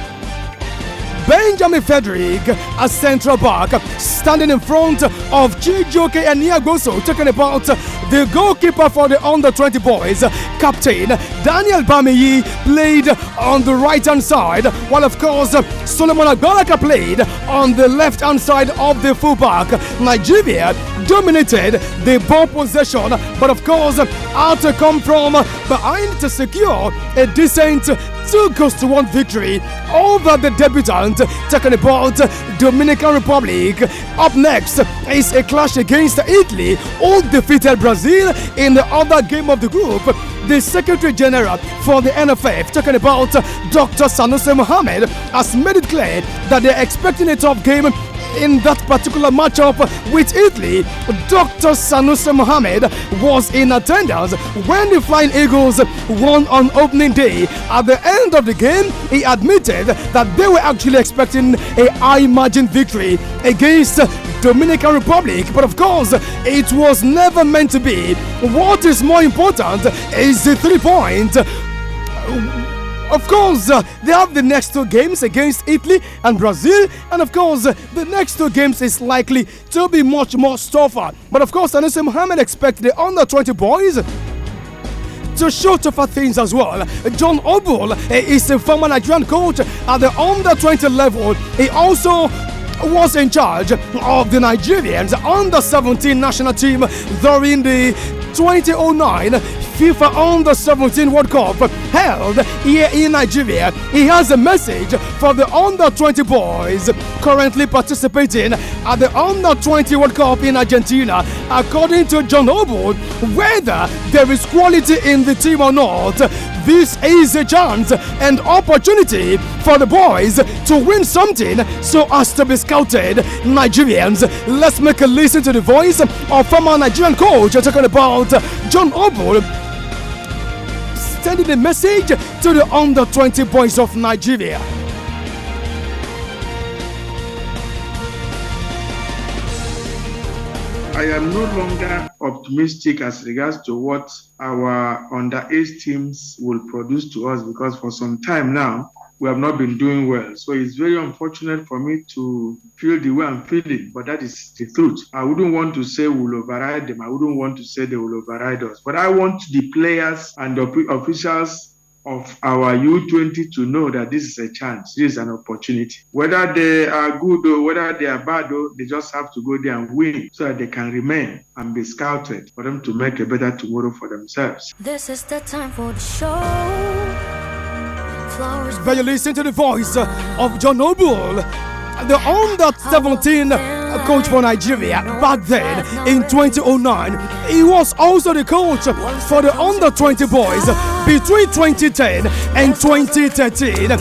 Benjamin Frederick a Central back, standing in front of Chijoke and Niagoso, talking about the goalkeeper for the under 20 boys, Captain Daniel Bamiyi, played on the right hand side, while of course Solomon Agolaka played on the left hand side of the fullback. Nigeria dominated the ball possession, but of course, had to come from behind to secure a decent two goals to one victory over the debutants talking about Dominican Republic. Up next is a clash against Italy, who defeated Brazil in the other game of the group the Secretary General for the NFF, talking about Dr. Sanusi Mohammed, has made it clear that they're expecting a tough game in that particular matchup with Italy, Dr. Sanusi Mohamed was in attendance when the Flying Eagles won on opening day. At the end of the game, he admitted that they were actually expecting a high margin victory against Dominican Republic, but of course, it was never meant to be. What is more important is the three point of course, uh, they have the next two games against Italy and Brazil, and of course, uh, the next two games is likely to be much more tougher. But of course, Anissa Mohammed expects the under 20 boys to show tougher things as well. John Obul uh, is a former Nigerian coach at the under 20 level. He also was in charge of the Nigerians under 17 national team during the 2009 FIFA Under 17 World Cup held here in Nigeria. He has a message for the Under 20 boys currently participating at the Under 20 World Cup in Argentina. According to John Obu, whether there is quality in the team or not, this is a chance and opportunity for the boys to win something so as to be scouted. Nigerians, let's make a listen to the voice of former Nigerian coach talking about John Obul sending a message to the under 20 boys of Nigeria. I am no longer optimistic as regards to what our under eight teams will produce to us because for some time now we have not been doing well. So it's very unfortunate for me to feel the way I'm feeling, but that is the truth. I wouldn't want to say we'll override them. I wouldn't want to say they will override us. But I want the players and the officials of our U20 to know that this is a chance, this is an opportunity. Whether they are good or whether they are bad, or oh, they just have to go there and win so that they can remain and be scouted for them to make a better tomorrow for themselves. This is the time for the show. Flowers. you listen to the voice of John Noble, the owned 17 a coach for Nigeria back then in 2009. He was also the coach for the under 20 boys between 2010 and 2013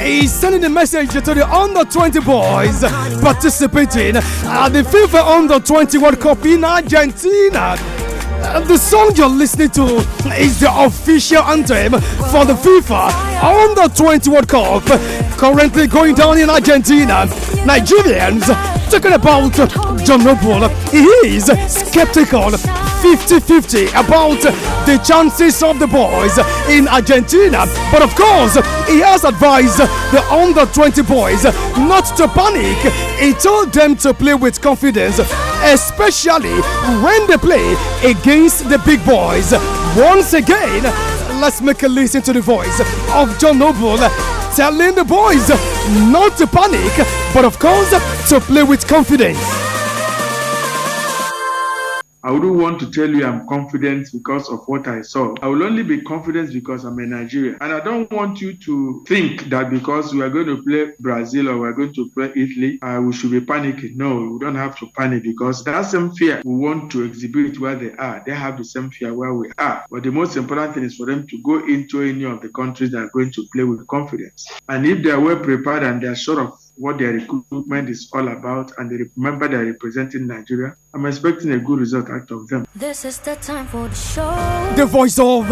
he's sending a message to the under 20 boys participating at the FIFA under 20 World Cup in Argentina. The song you're listening to is the official anthem for the FIFA on the 20 World Cup currently going down in Argentina. Nigerians talking about John Noble. He is skeptical 50 50 about the chances of the boys in Argentina. But of course, he has advised the under 20 boys not to panic. He told them to play with confidence, especially when they play against the big boys. Once again, let's make a listen to the voice of John Noble telling the boys not to panic, but of course to play with confidence. I wouldn't want to tell you I'm confident because of what I saw. I will only be confident because I'm a Nigerian. And I don't want you to think that because we are going to play Brazil or we're going to play Italy, uh, we should be panicking. No, we don't have to panic because that same fear we want to exhibit where they are. They have the same fear where we are. But the most important thing is for them to go into any of the countries that are going to play with confidence. And if they are well prepared and they are sure of what their recruitment is all about and they remember they're representing Nigeria. I'm expecting a good result out of them. This is the time for the show. The voice of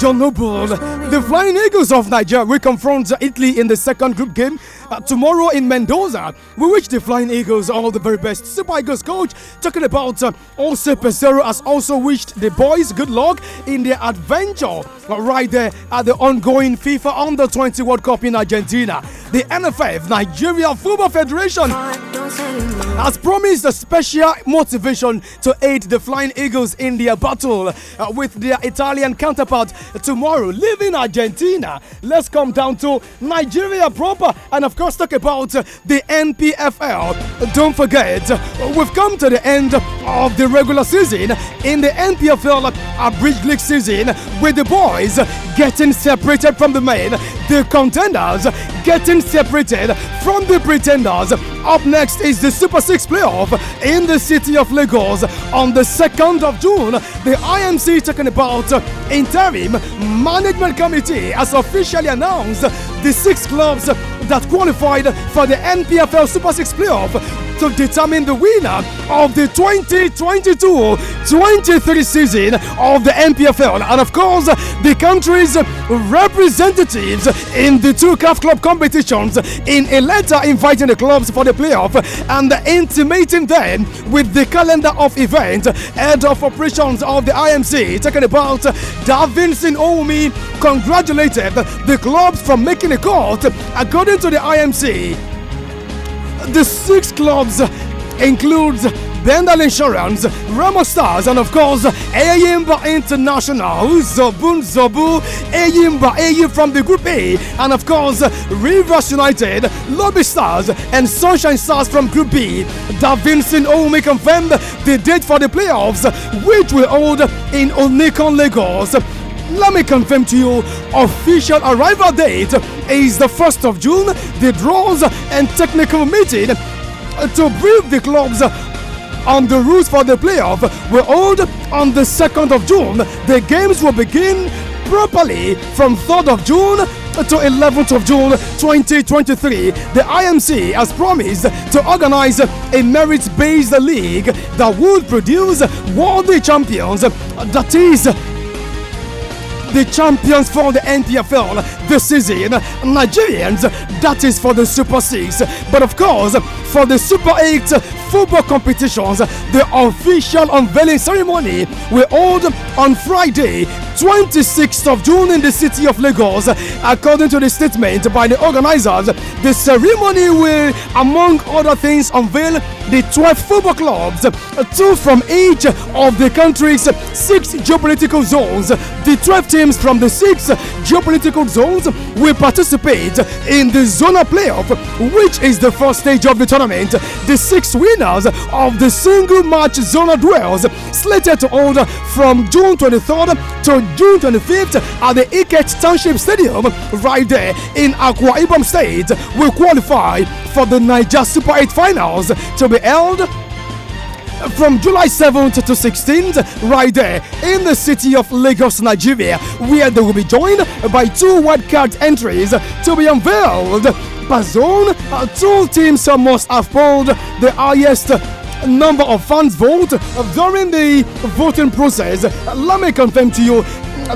John Noble, the Flying Eagles of Nigeria, will confront Italy in the second group game. Uh, tomorrow in Mendoza, we wish the Flying Eagles all the very best. Super Eagles coach talking about uh, also Pesero has also wished the boys good luck in their adventure uh, right there at the ongoing FIFA Under 20 World Cup in Argentina. The NFF, Nigeria Football Federation, has promised a special motivation to aid the Flying Eagles in their battle uh, with their Italian counterpart tomorrow. Leaving Argentina, let's come down to Nigeria proper and, of course, talk about the NPFL. Don't forget, we've come to the end of the regular season in the NPFL bridge League season with the boys getting separated from the men, the contenders getting separated from the pretenders. Up next is the Super 6 playoff in the city of Lagos on the 2nd of June. The IMC talking about interim management committee has officially announced the six clubs that qualified for the NPFL Super Six playoff to determine the winner of the 2022-23 season of the NPFL and of course the country's representatives in the two CAF club competitions in a letter inviting the clubs for the playoff and intimating them with the calendar of events head of operations of the IMC talking about Davinson Omi congratulated the clubs for making a cut according to the IMC. The six clubs includes Bendal Insurance, Ramo Stars, and of course Ayimba International, Zobu Zobu, Ayimba Ayi from the Group A, and of course Rivers United, Lobby Stars, and Sunshine Stars from Group B. Da Vincent Omi confirmed the date for the playoffs, which will hold in Onikon, Lagos. Let me confirm to you, official arrival date is the 1st of June. The draws and technical meeting to brief the clubs on the rules for the playoff will hold on the 2nd of June. The games will begin properly from 3rd of June to 11th of June 2023, the IMC has promised to organize a merit based league that would produce worthy champions, that is, the champions for the NPFL this season, Nigerians. That is for the Super 6. But of course, for the Super 8, football competitions. The official unveiling ceremony will hold on Friday, 26th of June in the city of Lagos. According to the statement by the organizers, the ceremony will, among other things, unveil the 12 football clubs, two from each of the country's six geopolitical zones. The 12 teams from the six geopolitical zones will participate in the zona playoff, which is the first stage of the tournament. The six winners winners of the single match zonal duels slated to hold from June 23rd to June 25th at the Iket Township Stadium right there in Akwa Ibom State will qualify for the Niger Super 8 finals to be held from July 7th to 16th, right there in the city of Lagos, Nigeria, where they will be joined by two wildcard entries to be unveiled upper zone. Uh, two teams uh, must have polled the highest number of fans vote during the voting process. Uh, let me confirm to you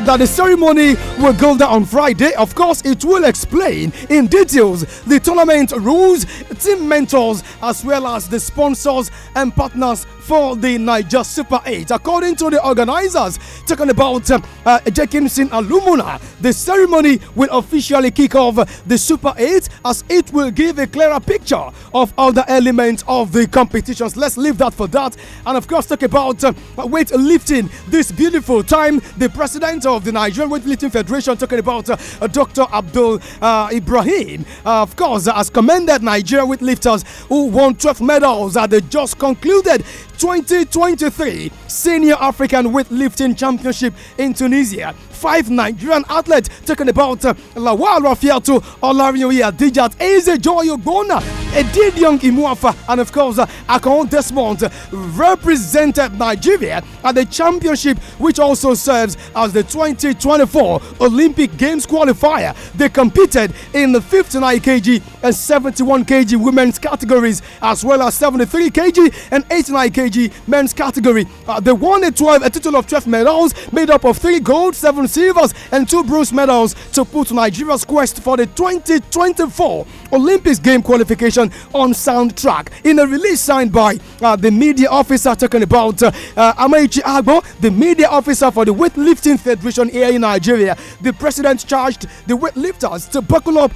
that the ceremony will go down on Friday. Of course, it will explain in details the tournament rules, team mentors, as well as the sponsors and partners for the Niger Super 8. According to the organizers, talking about uh, uh, Jackinson Alumuna, the ceremony will officially kick off the Super 8 as it will give a clearer picture of other elements of the competitions. Let's leave that for that. And of course, talk about uh, weightlifting. This beautiful time, the president of the Nigerian Weightlifting Federation, talking about uh, Dr. Abdul uh, Ibrahim, uh, of course, has commended Nigeria weightlifters who won 12 medals at the just concluded 2023 Senior African Weightlifting Championship in Tunisia five Nigerian athletes talking about uh, Rafael Rafiatu, Olarinoye Adijat, Eze Joy Ogbona, Young Imuafa, and of course uh, Akon Desmond represented Nigeria at the championship, which also serves as the 2024 Olympic Games qualifier. They competed in the 59 kg and 71 kg women's categories, as well as 73 kg and 89 kg men's category. Uh, they won a 12, a total of 12 medals made up of three gold, seven silvers and two bronze medals to put Nigeria's quest for the 2024 Olympics game qualification on soundtrack. In a release signed by uh, the media officer talking about uh, uh Agbo, the media officer for the Weightlifting Federation here in Nigeria, the president charged the weightlifters to buckle up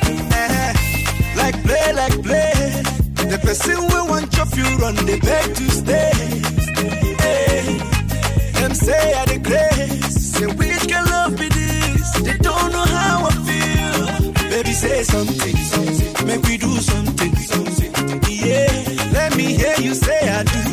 Eh, like play, like play. The person we want chop you run, to stay. Eh, the grace. Say which love They don't know how I feel. Baby say something, something. make we do something, something. Yeah, let me hear you say I do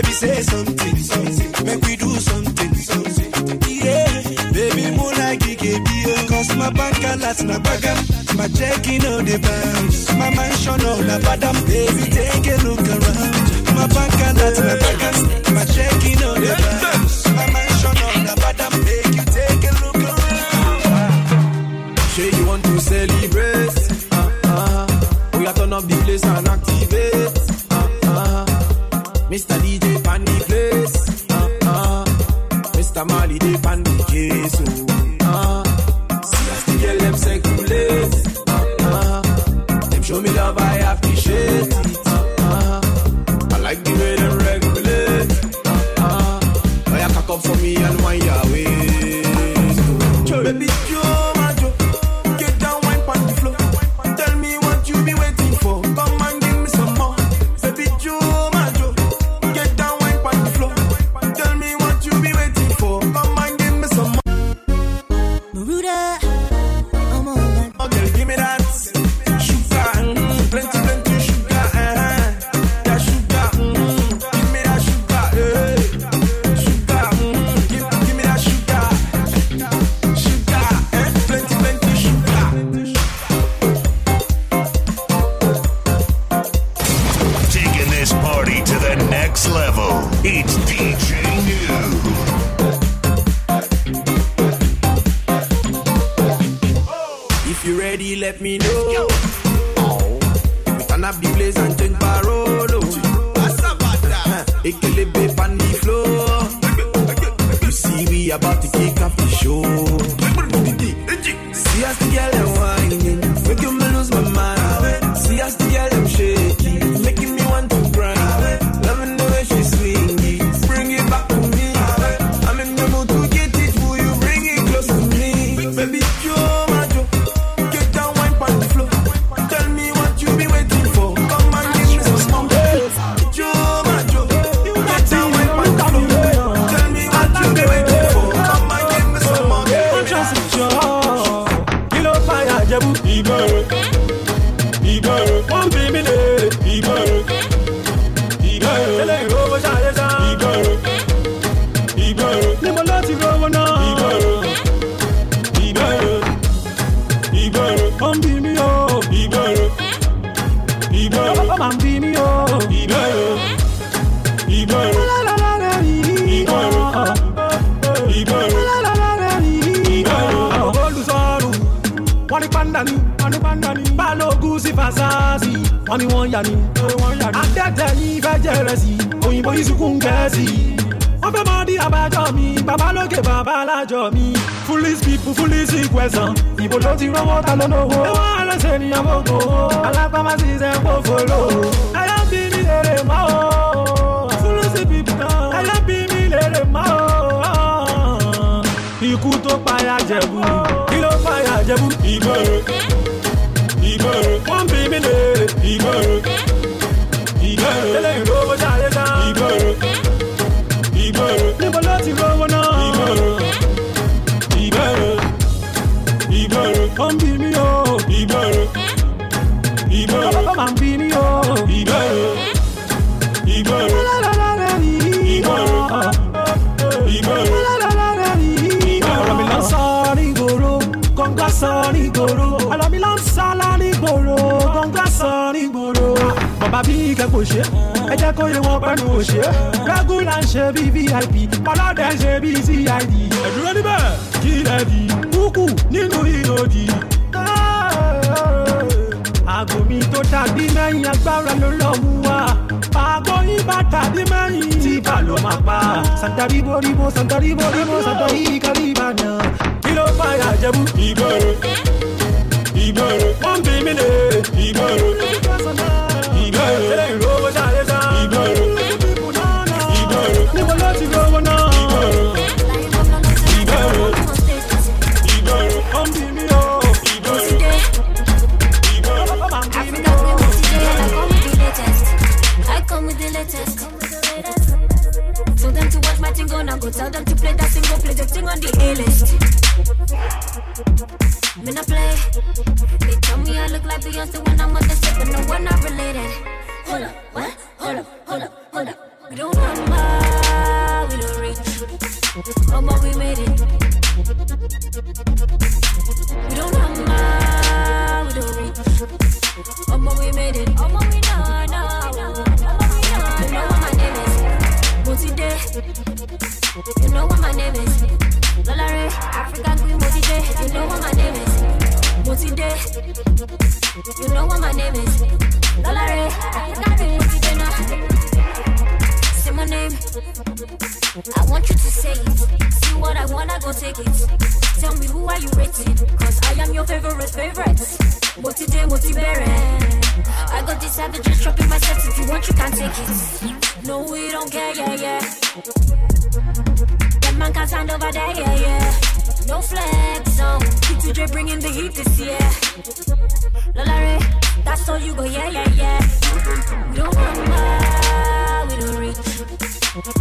baby, say something, something. Make we do something, something. Yeah, baby, moonlight like give you. Cause my bank alerts na bagam, my checking on the bounce, my mansion on the bottom. Baby, take a look around. My bank alerts na bagam, my checking on the bounce, my mansion on the bottom. Baby, take a look around. Say you want to celebrate? Uh-uh. We are turn up the place and activate. Mr. DJ pan the place. uh, Uh. Mr. Mali dey pan the case. Oh uh. See as the girl them circulate. Ah Them show me love, I appreciate it. Ah I like the way them regulate. Ah cock up for me and why you? don't follow. I don't be me lere ma Follow the people I don't be me lere ma o. Ikú tó payà Jẹ̀bú, kí ló payà Jẹ̀bú? Ìgboro, kò ṣe ẹ jẹ́ kó yẹ wọn pẹ̀lú òṣè rẹ́gúlà ń ṣe bí vip ọlọ́dẹ ń ṣe bí cid. ẹ̀dúró níbẹ̀ kí ilẹ̀ di kúkú nínú ìlòdì. àgò mi tó dàbí mẹ́yìn agbára ló lọ mú wa pàgọ́ ibà tàbí mẹ́yìn tí bá ló máa pa sàǹtàrí boríbo sàǹtàrí boríbo sàǹtàrí ìkàrí ìbàdàn kí ló fàyà jẹ́mú ìgboro ìgboro wọ́n bí mi lè ìgboro ìgboro. Tell them to play that thing, go play the thing on the A list. Me I play. They tell me I look like Beyonce when I'm on the set, but no, we're not related. Hold up, what?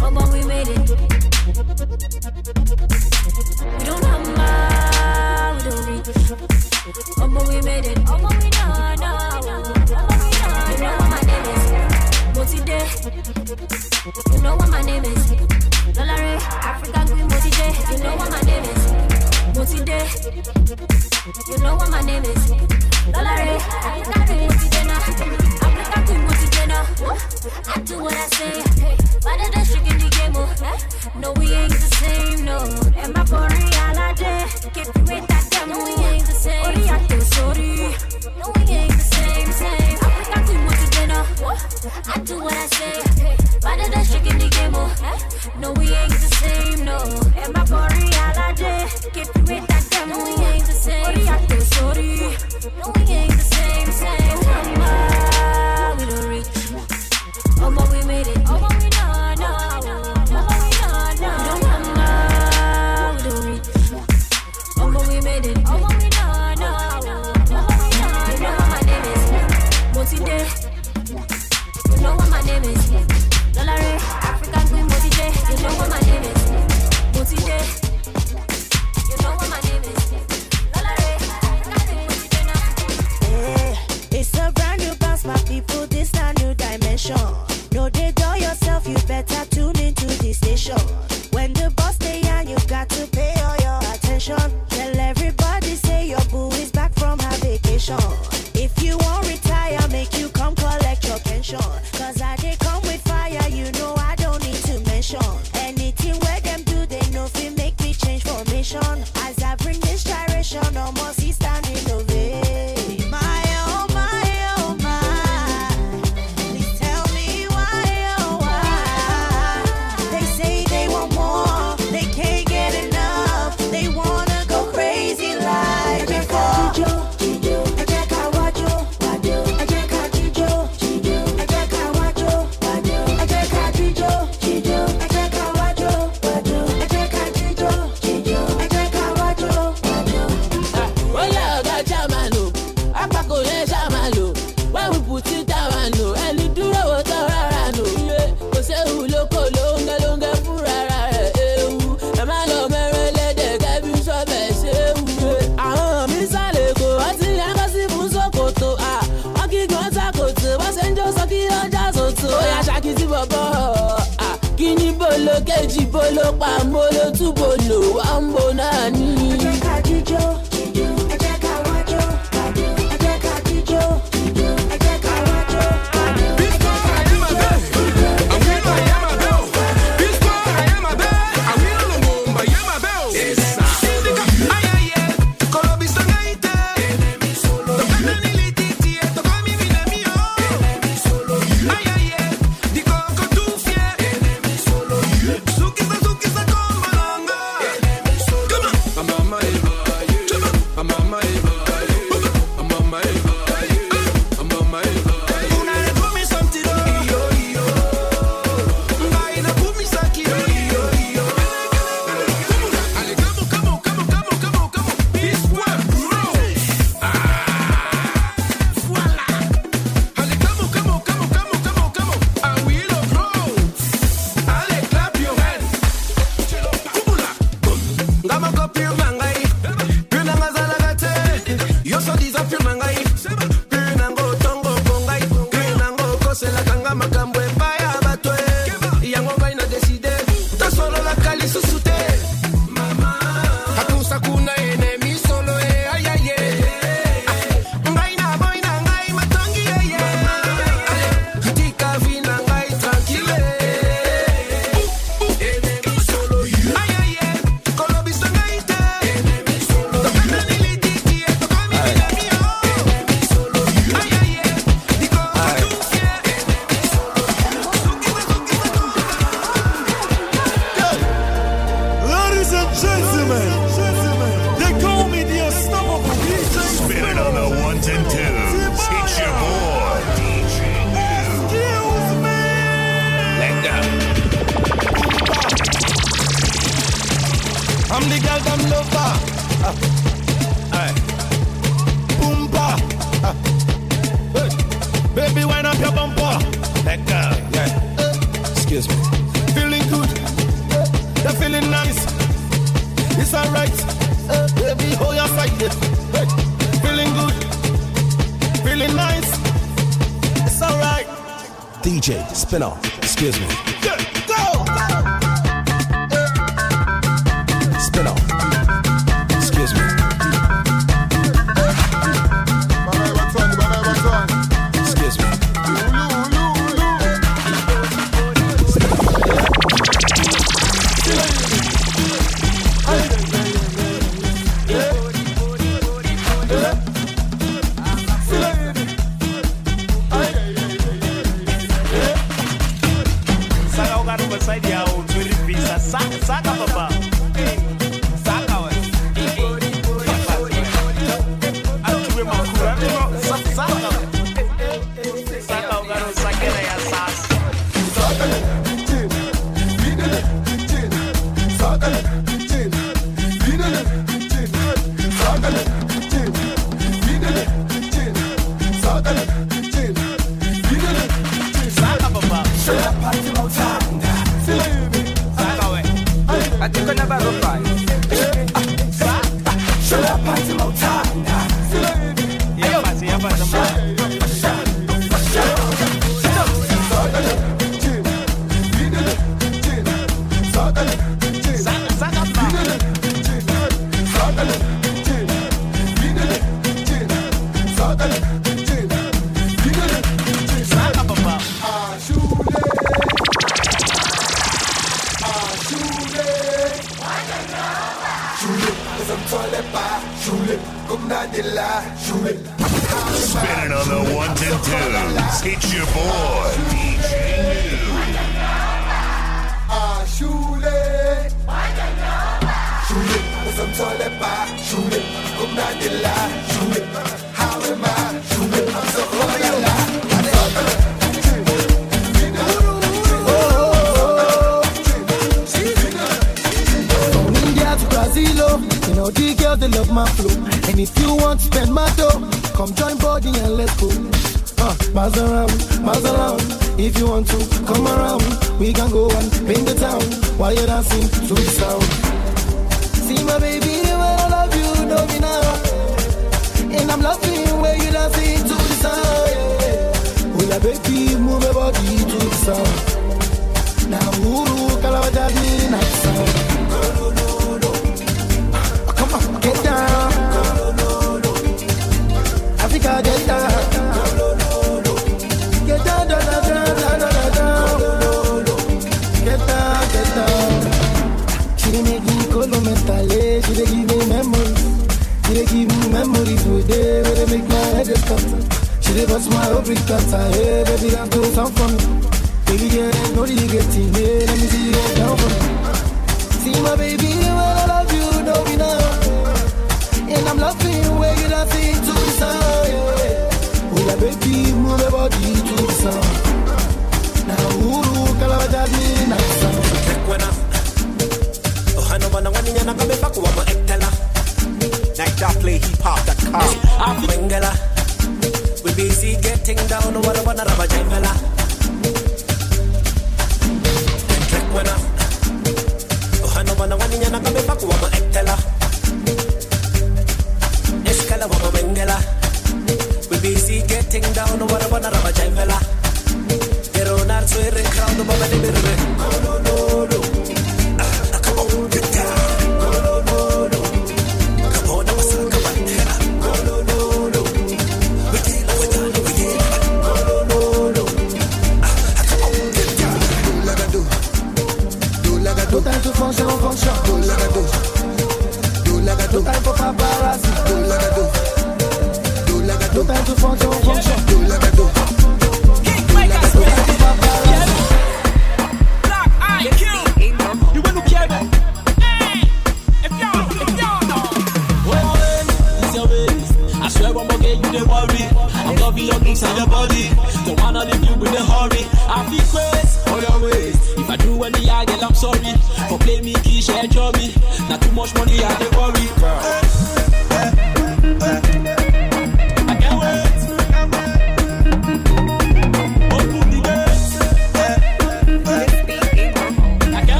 How long we made it. ambonani. Ẹ jẹ́ ká jíjó.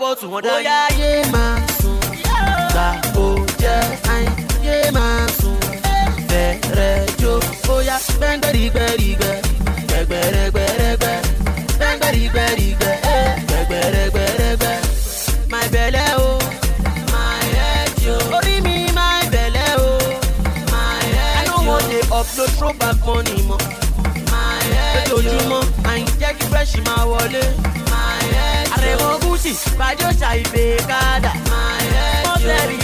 bọ́ tù wọ́n dá yìí. bóyá yé upload money mọ́. Lójoojúmọ́, àyìn jẹ́ kí fresh máa wọlé ajo chai be My head.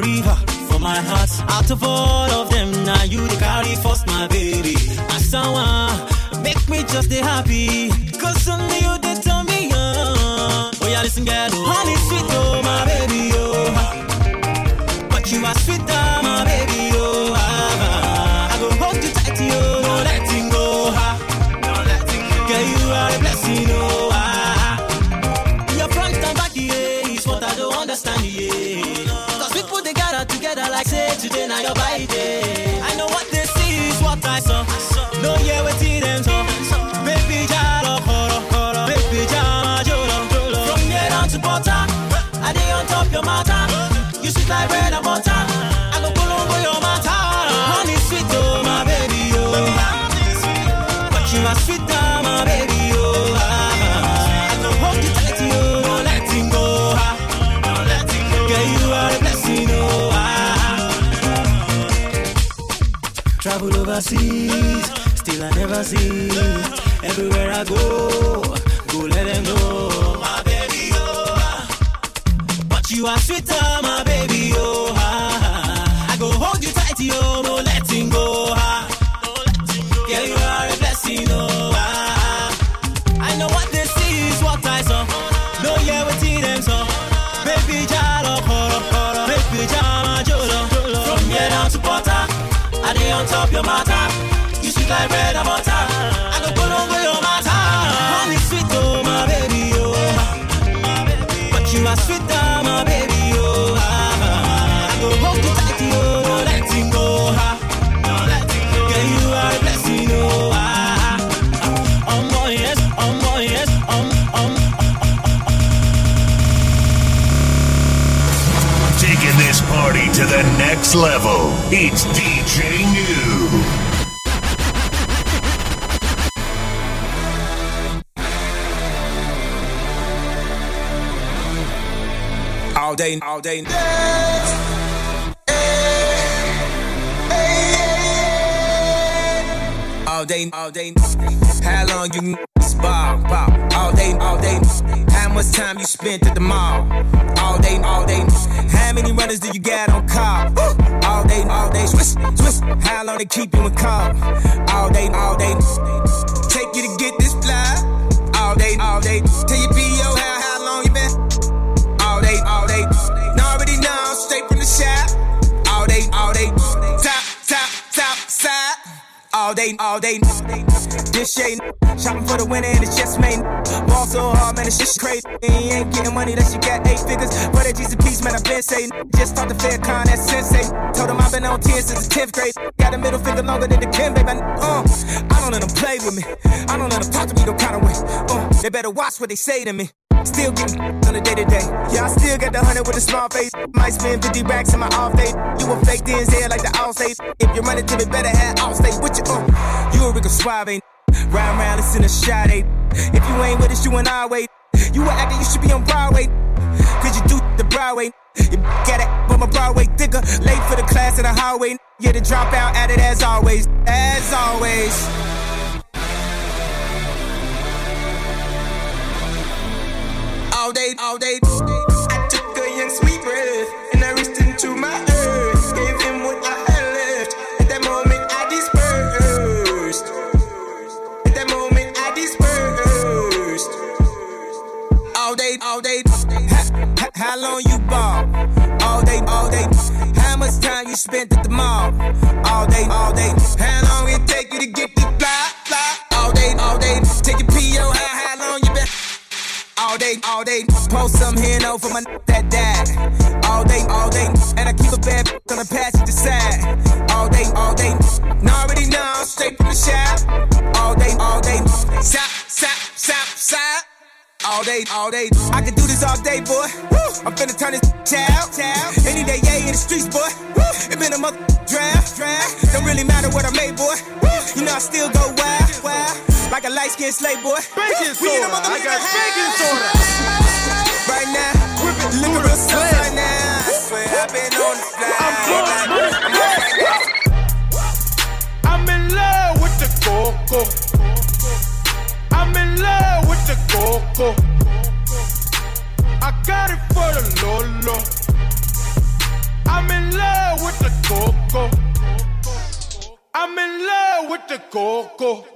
river for my heart. Out of all of them, now you the carry first, my baby. I someone make me just the happy. Cause only you they tell me on. Oh yeah, listen, girl. Oh. Honey, sweet, oh my baby, oh. But you are sweeter, my baby. together like say today now your body day. never cease, still I never cease. Everywhere I go, go let them know. My baby, oh, but you are sweeter, my baby, oh. I go hold you tight, yo, no letting go. Yeah, you are a blessing, oh. I know what this is what I saw. No, yeah, we see them so. Baby, jalo, koro, koro. Baby, jama, jolo. From here down to Porta, I on top your mat sweet like bread and butter. I go your matter. Honey sweet, oh my baby, oh. But you are sweeter, my baby, oh. I go hold you tight, oh. Don't let go, ha. you are a blessing, oh. Um, um, um, Taking this party to the next level. It's day, all day. all day, all day. How long you ball, ball, all day, all day. How much time you spent at the mall, all day, all day. How many runners do you got on call, all day, all day. Swish, swish. How long they keep you in call, all day, all day. Take you to get this fly, all day, all day. Till you be day, all day. This shit. shopping for the winner and it's just made. Ball so hard, man, it's just crazy. ain't getting money that you got eight figures. But at Jesus piece, man, I've been saying. Just talked to Faircon, that sensei. Told him I've been on 10 since the 10th grade. Got a middle finger longer than the Kim, baby. Uh, I don't let them play with me. I don't let them talk to me no kind of way. Uh, they better watch what they say to me. Still gettin' on a day to day. Y'all still got the hundred with a small face. Might spend 50 racks in my off day. You a fake then head like the all state. If you're running to me, better have all state with you. Uh. You a Rico Suave. Ain't. Ride around, it's in a shot eight. If you ain't with us, you and I wait. You an actor, you should be on Broadway. Cause you do the Broadway. You got it, but my Broadway thicker. Late for the class in the hallway. Yeah, the dropout at it as always. As always. all day, all day. I took a young sweet breath and I reached into my earth. Gave him what I had left. At that moment, I dispersed. At that moment, I dispersed. All day, all day. Ha, how long you ball? All day, all day. How much time you spent at the mall? All day, all day. How long it take you to get the fly, fly? All day, all day. Take it all day, all day. Post some here no for my that dad. All day, all day. And I keep a bad on the passenger side. All day, all day. Now already know, straight from the shop. All day, all day. sap, sap, sap, sap all day, all day. I can do this all day, boy. I'm finna turn this child. Any day, yeah, in the streets, boy. It been a month draft. draft. Don't really matter what I made, boy. You know I still go wild, wild. Like a light skinned slave, boy. Baking soda. We in a I got bacon soda. Right now, whipping liquor right now. I swear on the fly. I'm, I'm in love with the coco. I'm in love the coco. I got it for the Lolo. I'm in love with the coco. I'm in love with the coco.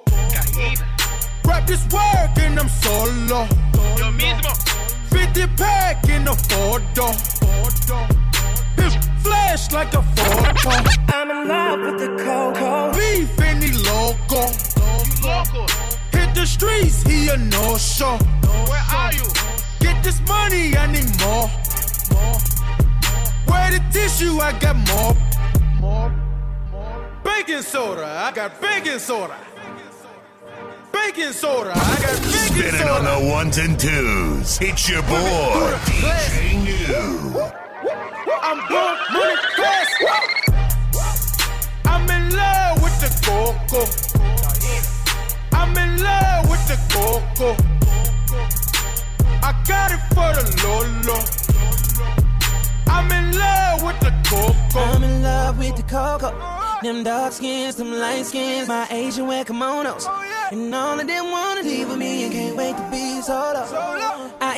Grab this work and I'm solo. Yo mismo. 50 pack in a four door. Bitch, flash like a photo. I'm in love with the coco. Beef any You local the streets, he a no show. Where are you? Get this money, I need more. Where the tissue, I got more. more. more. Baking soda, I got baking soda. Baking soda, I got baking Spinning on the ones and twos. It's your boy, DJ New. I'm blowing money fast. I'm in love with the coco. I'm in love with the coco. I got it for the Lolo. I'm in love with the coco. I'm in love with the coco. Them dark skins, them light skins, my Asian wear kimonos. Oh, and all of them wanna leave with me and can't wait to be solo. I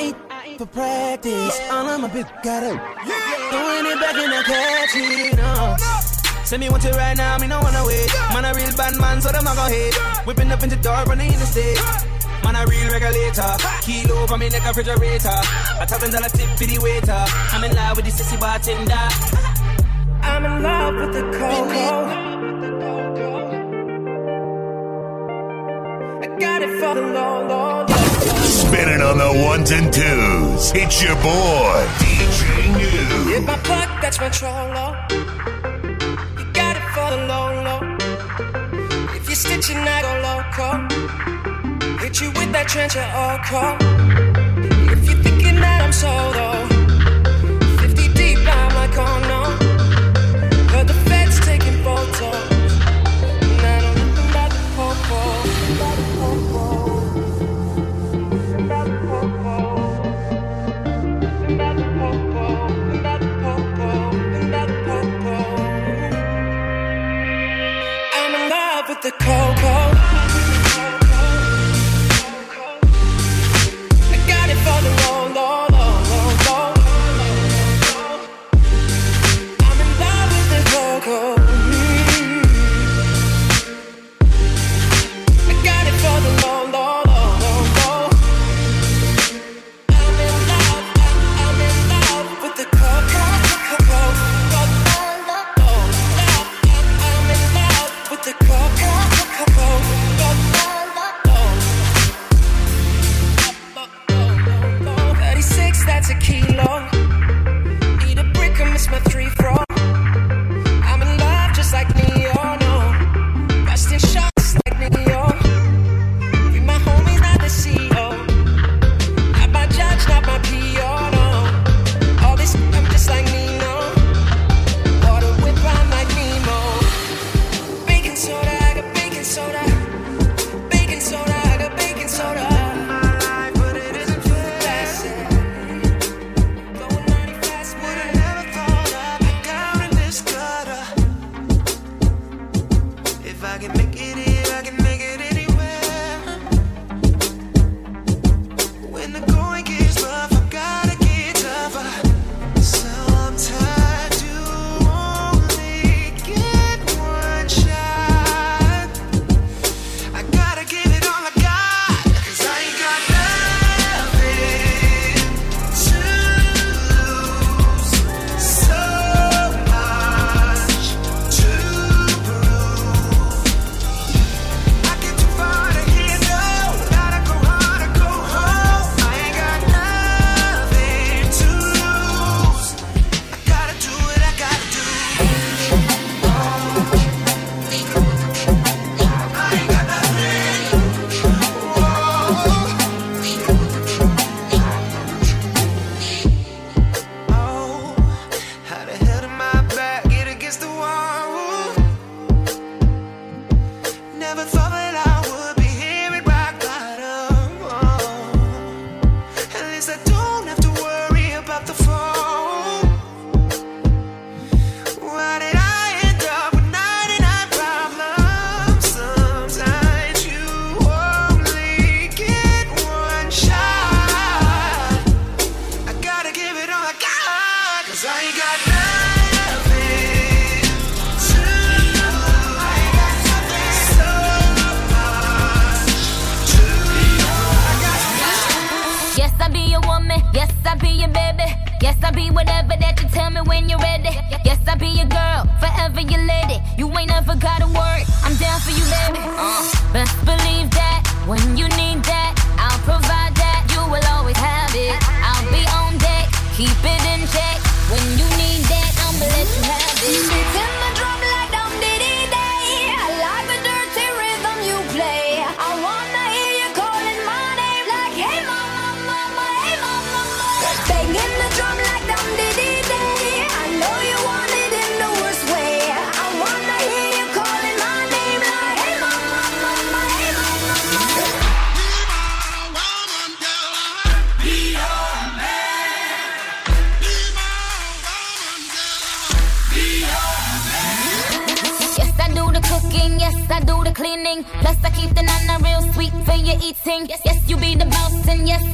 eat for practice. All of my bitches got up. Yeah. Throwing it back in the catch, you know. Send me what you right now, me no wanna wait. Man, a real bad man, so them a go hate. Whipping up in the door, running in the state. Man, a real regulator. Kilo for me neck refrigerator. I top dollar tip for the waiter. I'm in love with the sissy bartender. I'm in love with the cocoa. I got it for the low, low, low. Spinning on the ones and twos. It's your boy, DJ New. Hit my plug, that's my trollo. tonight or local. Hit you with that chance, you're cold. If you're thinking that I'm solo.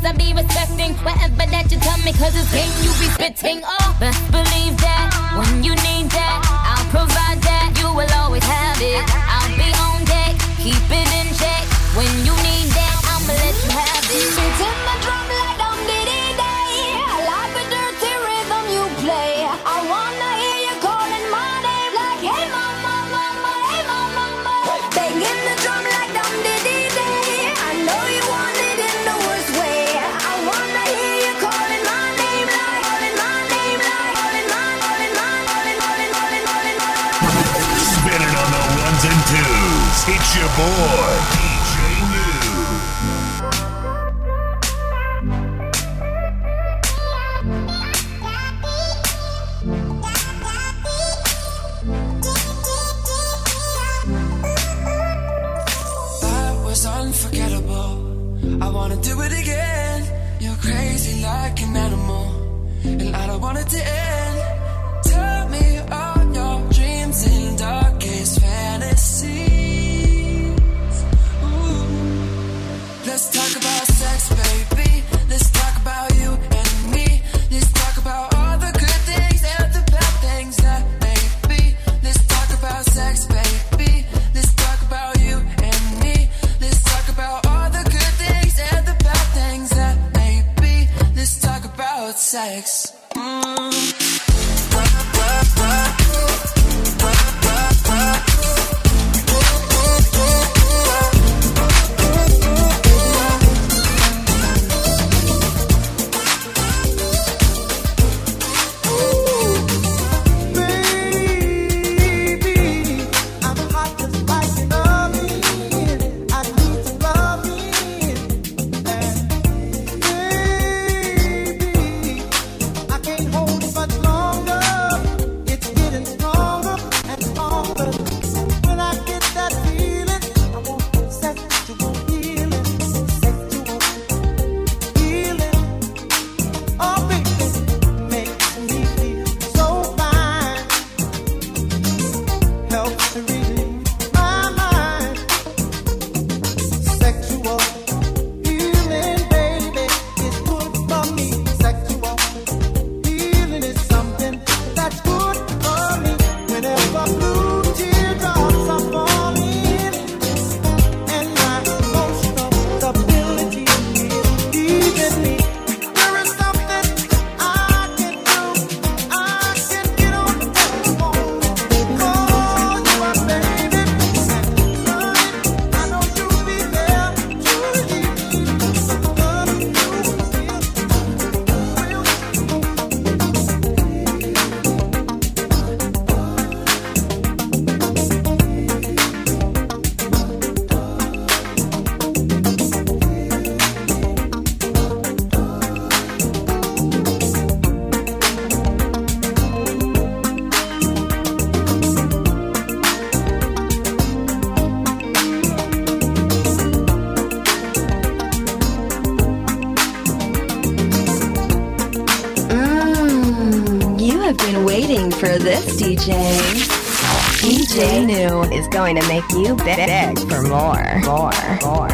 i I be respecting whatever that you tell me, cause it's game you be spitting. Oh, best believe that when you need that, I'll provide that. You will always have it. I'll be on deck, keep it in check when It's your boy, DJ New. I wanna do it again. You're crazy like an animal, and I don't want it to end. is going to make you beg for more, more, more.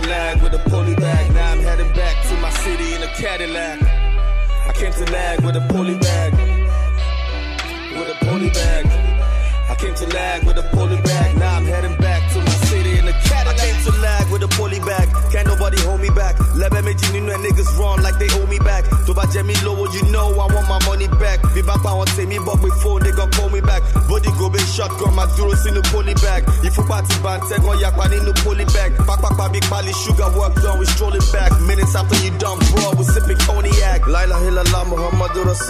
lag with a poly bag. Now I'm heading back to my city in a Cadillac. I came to lag with a poly bag. With a poly bag. I came to lag with a poly bag. Now nobody hold me back. let me ninu and niggas run like they hold me back. To ba Jemmy Lowo, you know I want my money back. Be back, I want to me but before they gon' call me back. Body go be shotgun, my duro the poly back. If you party band, take on yakwa ninu poly back. Pack, pack, pack, big pali sugar work done, we strolling back. Minutes after you done, bro, we sipping cognac. Laila Hilala Muhammad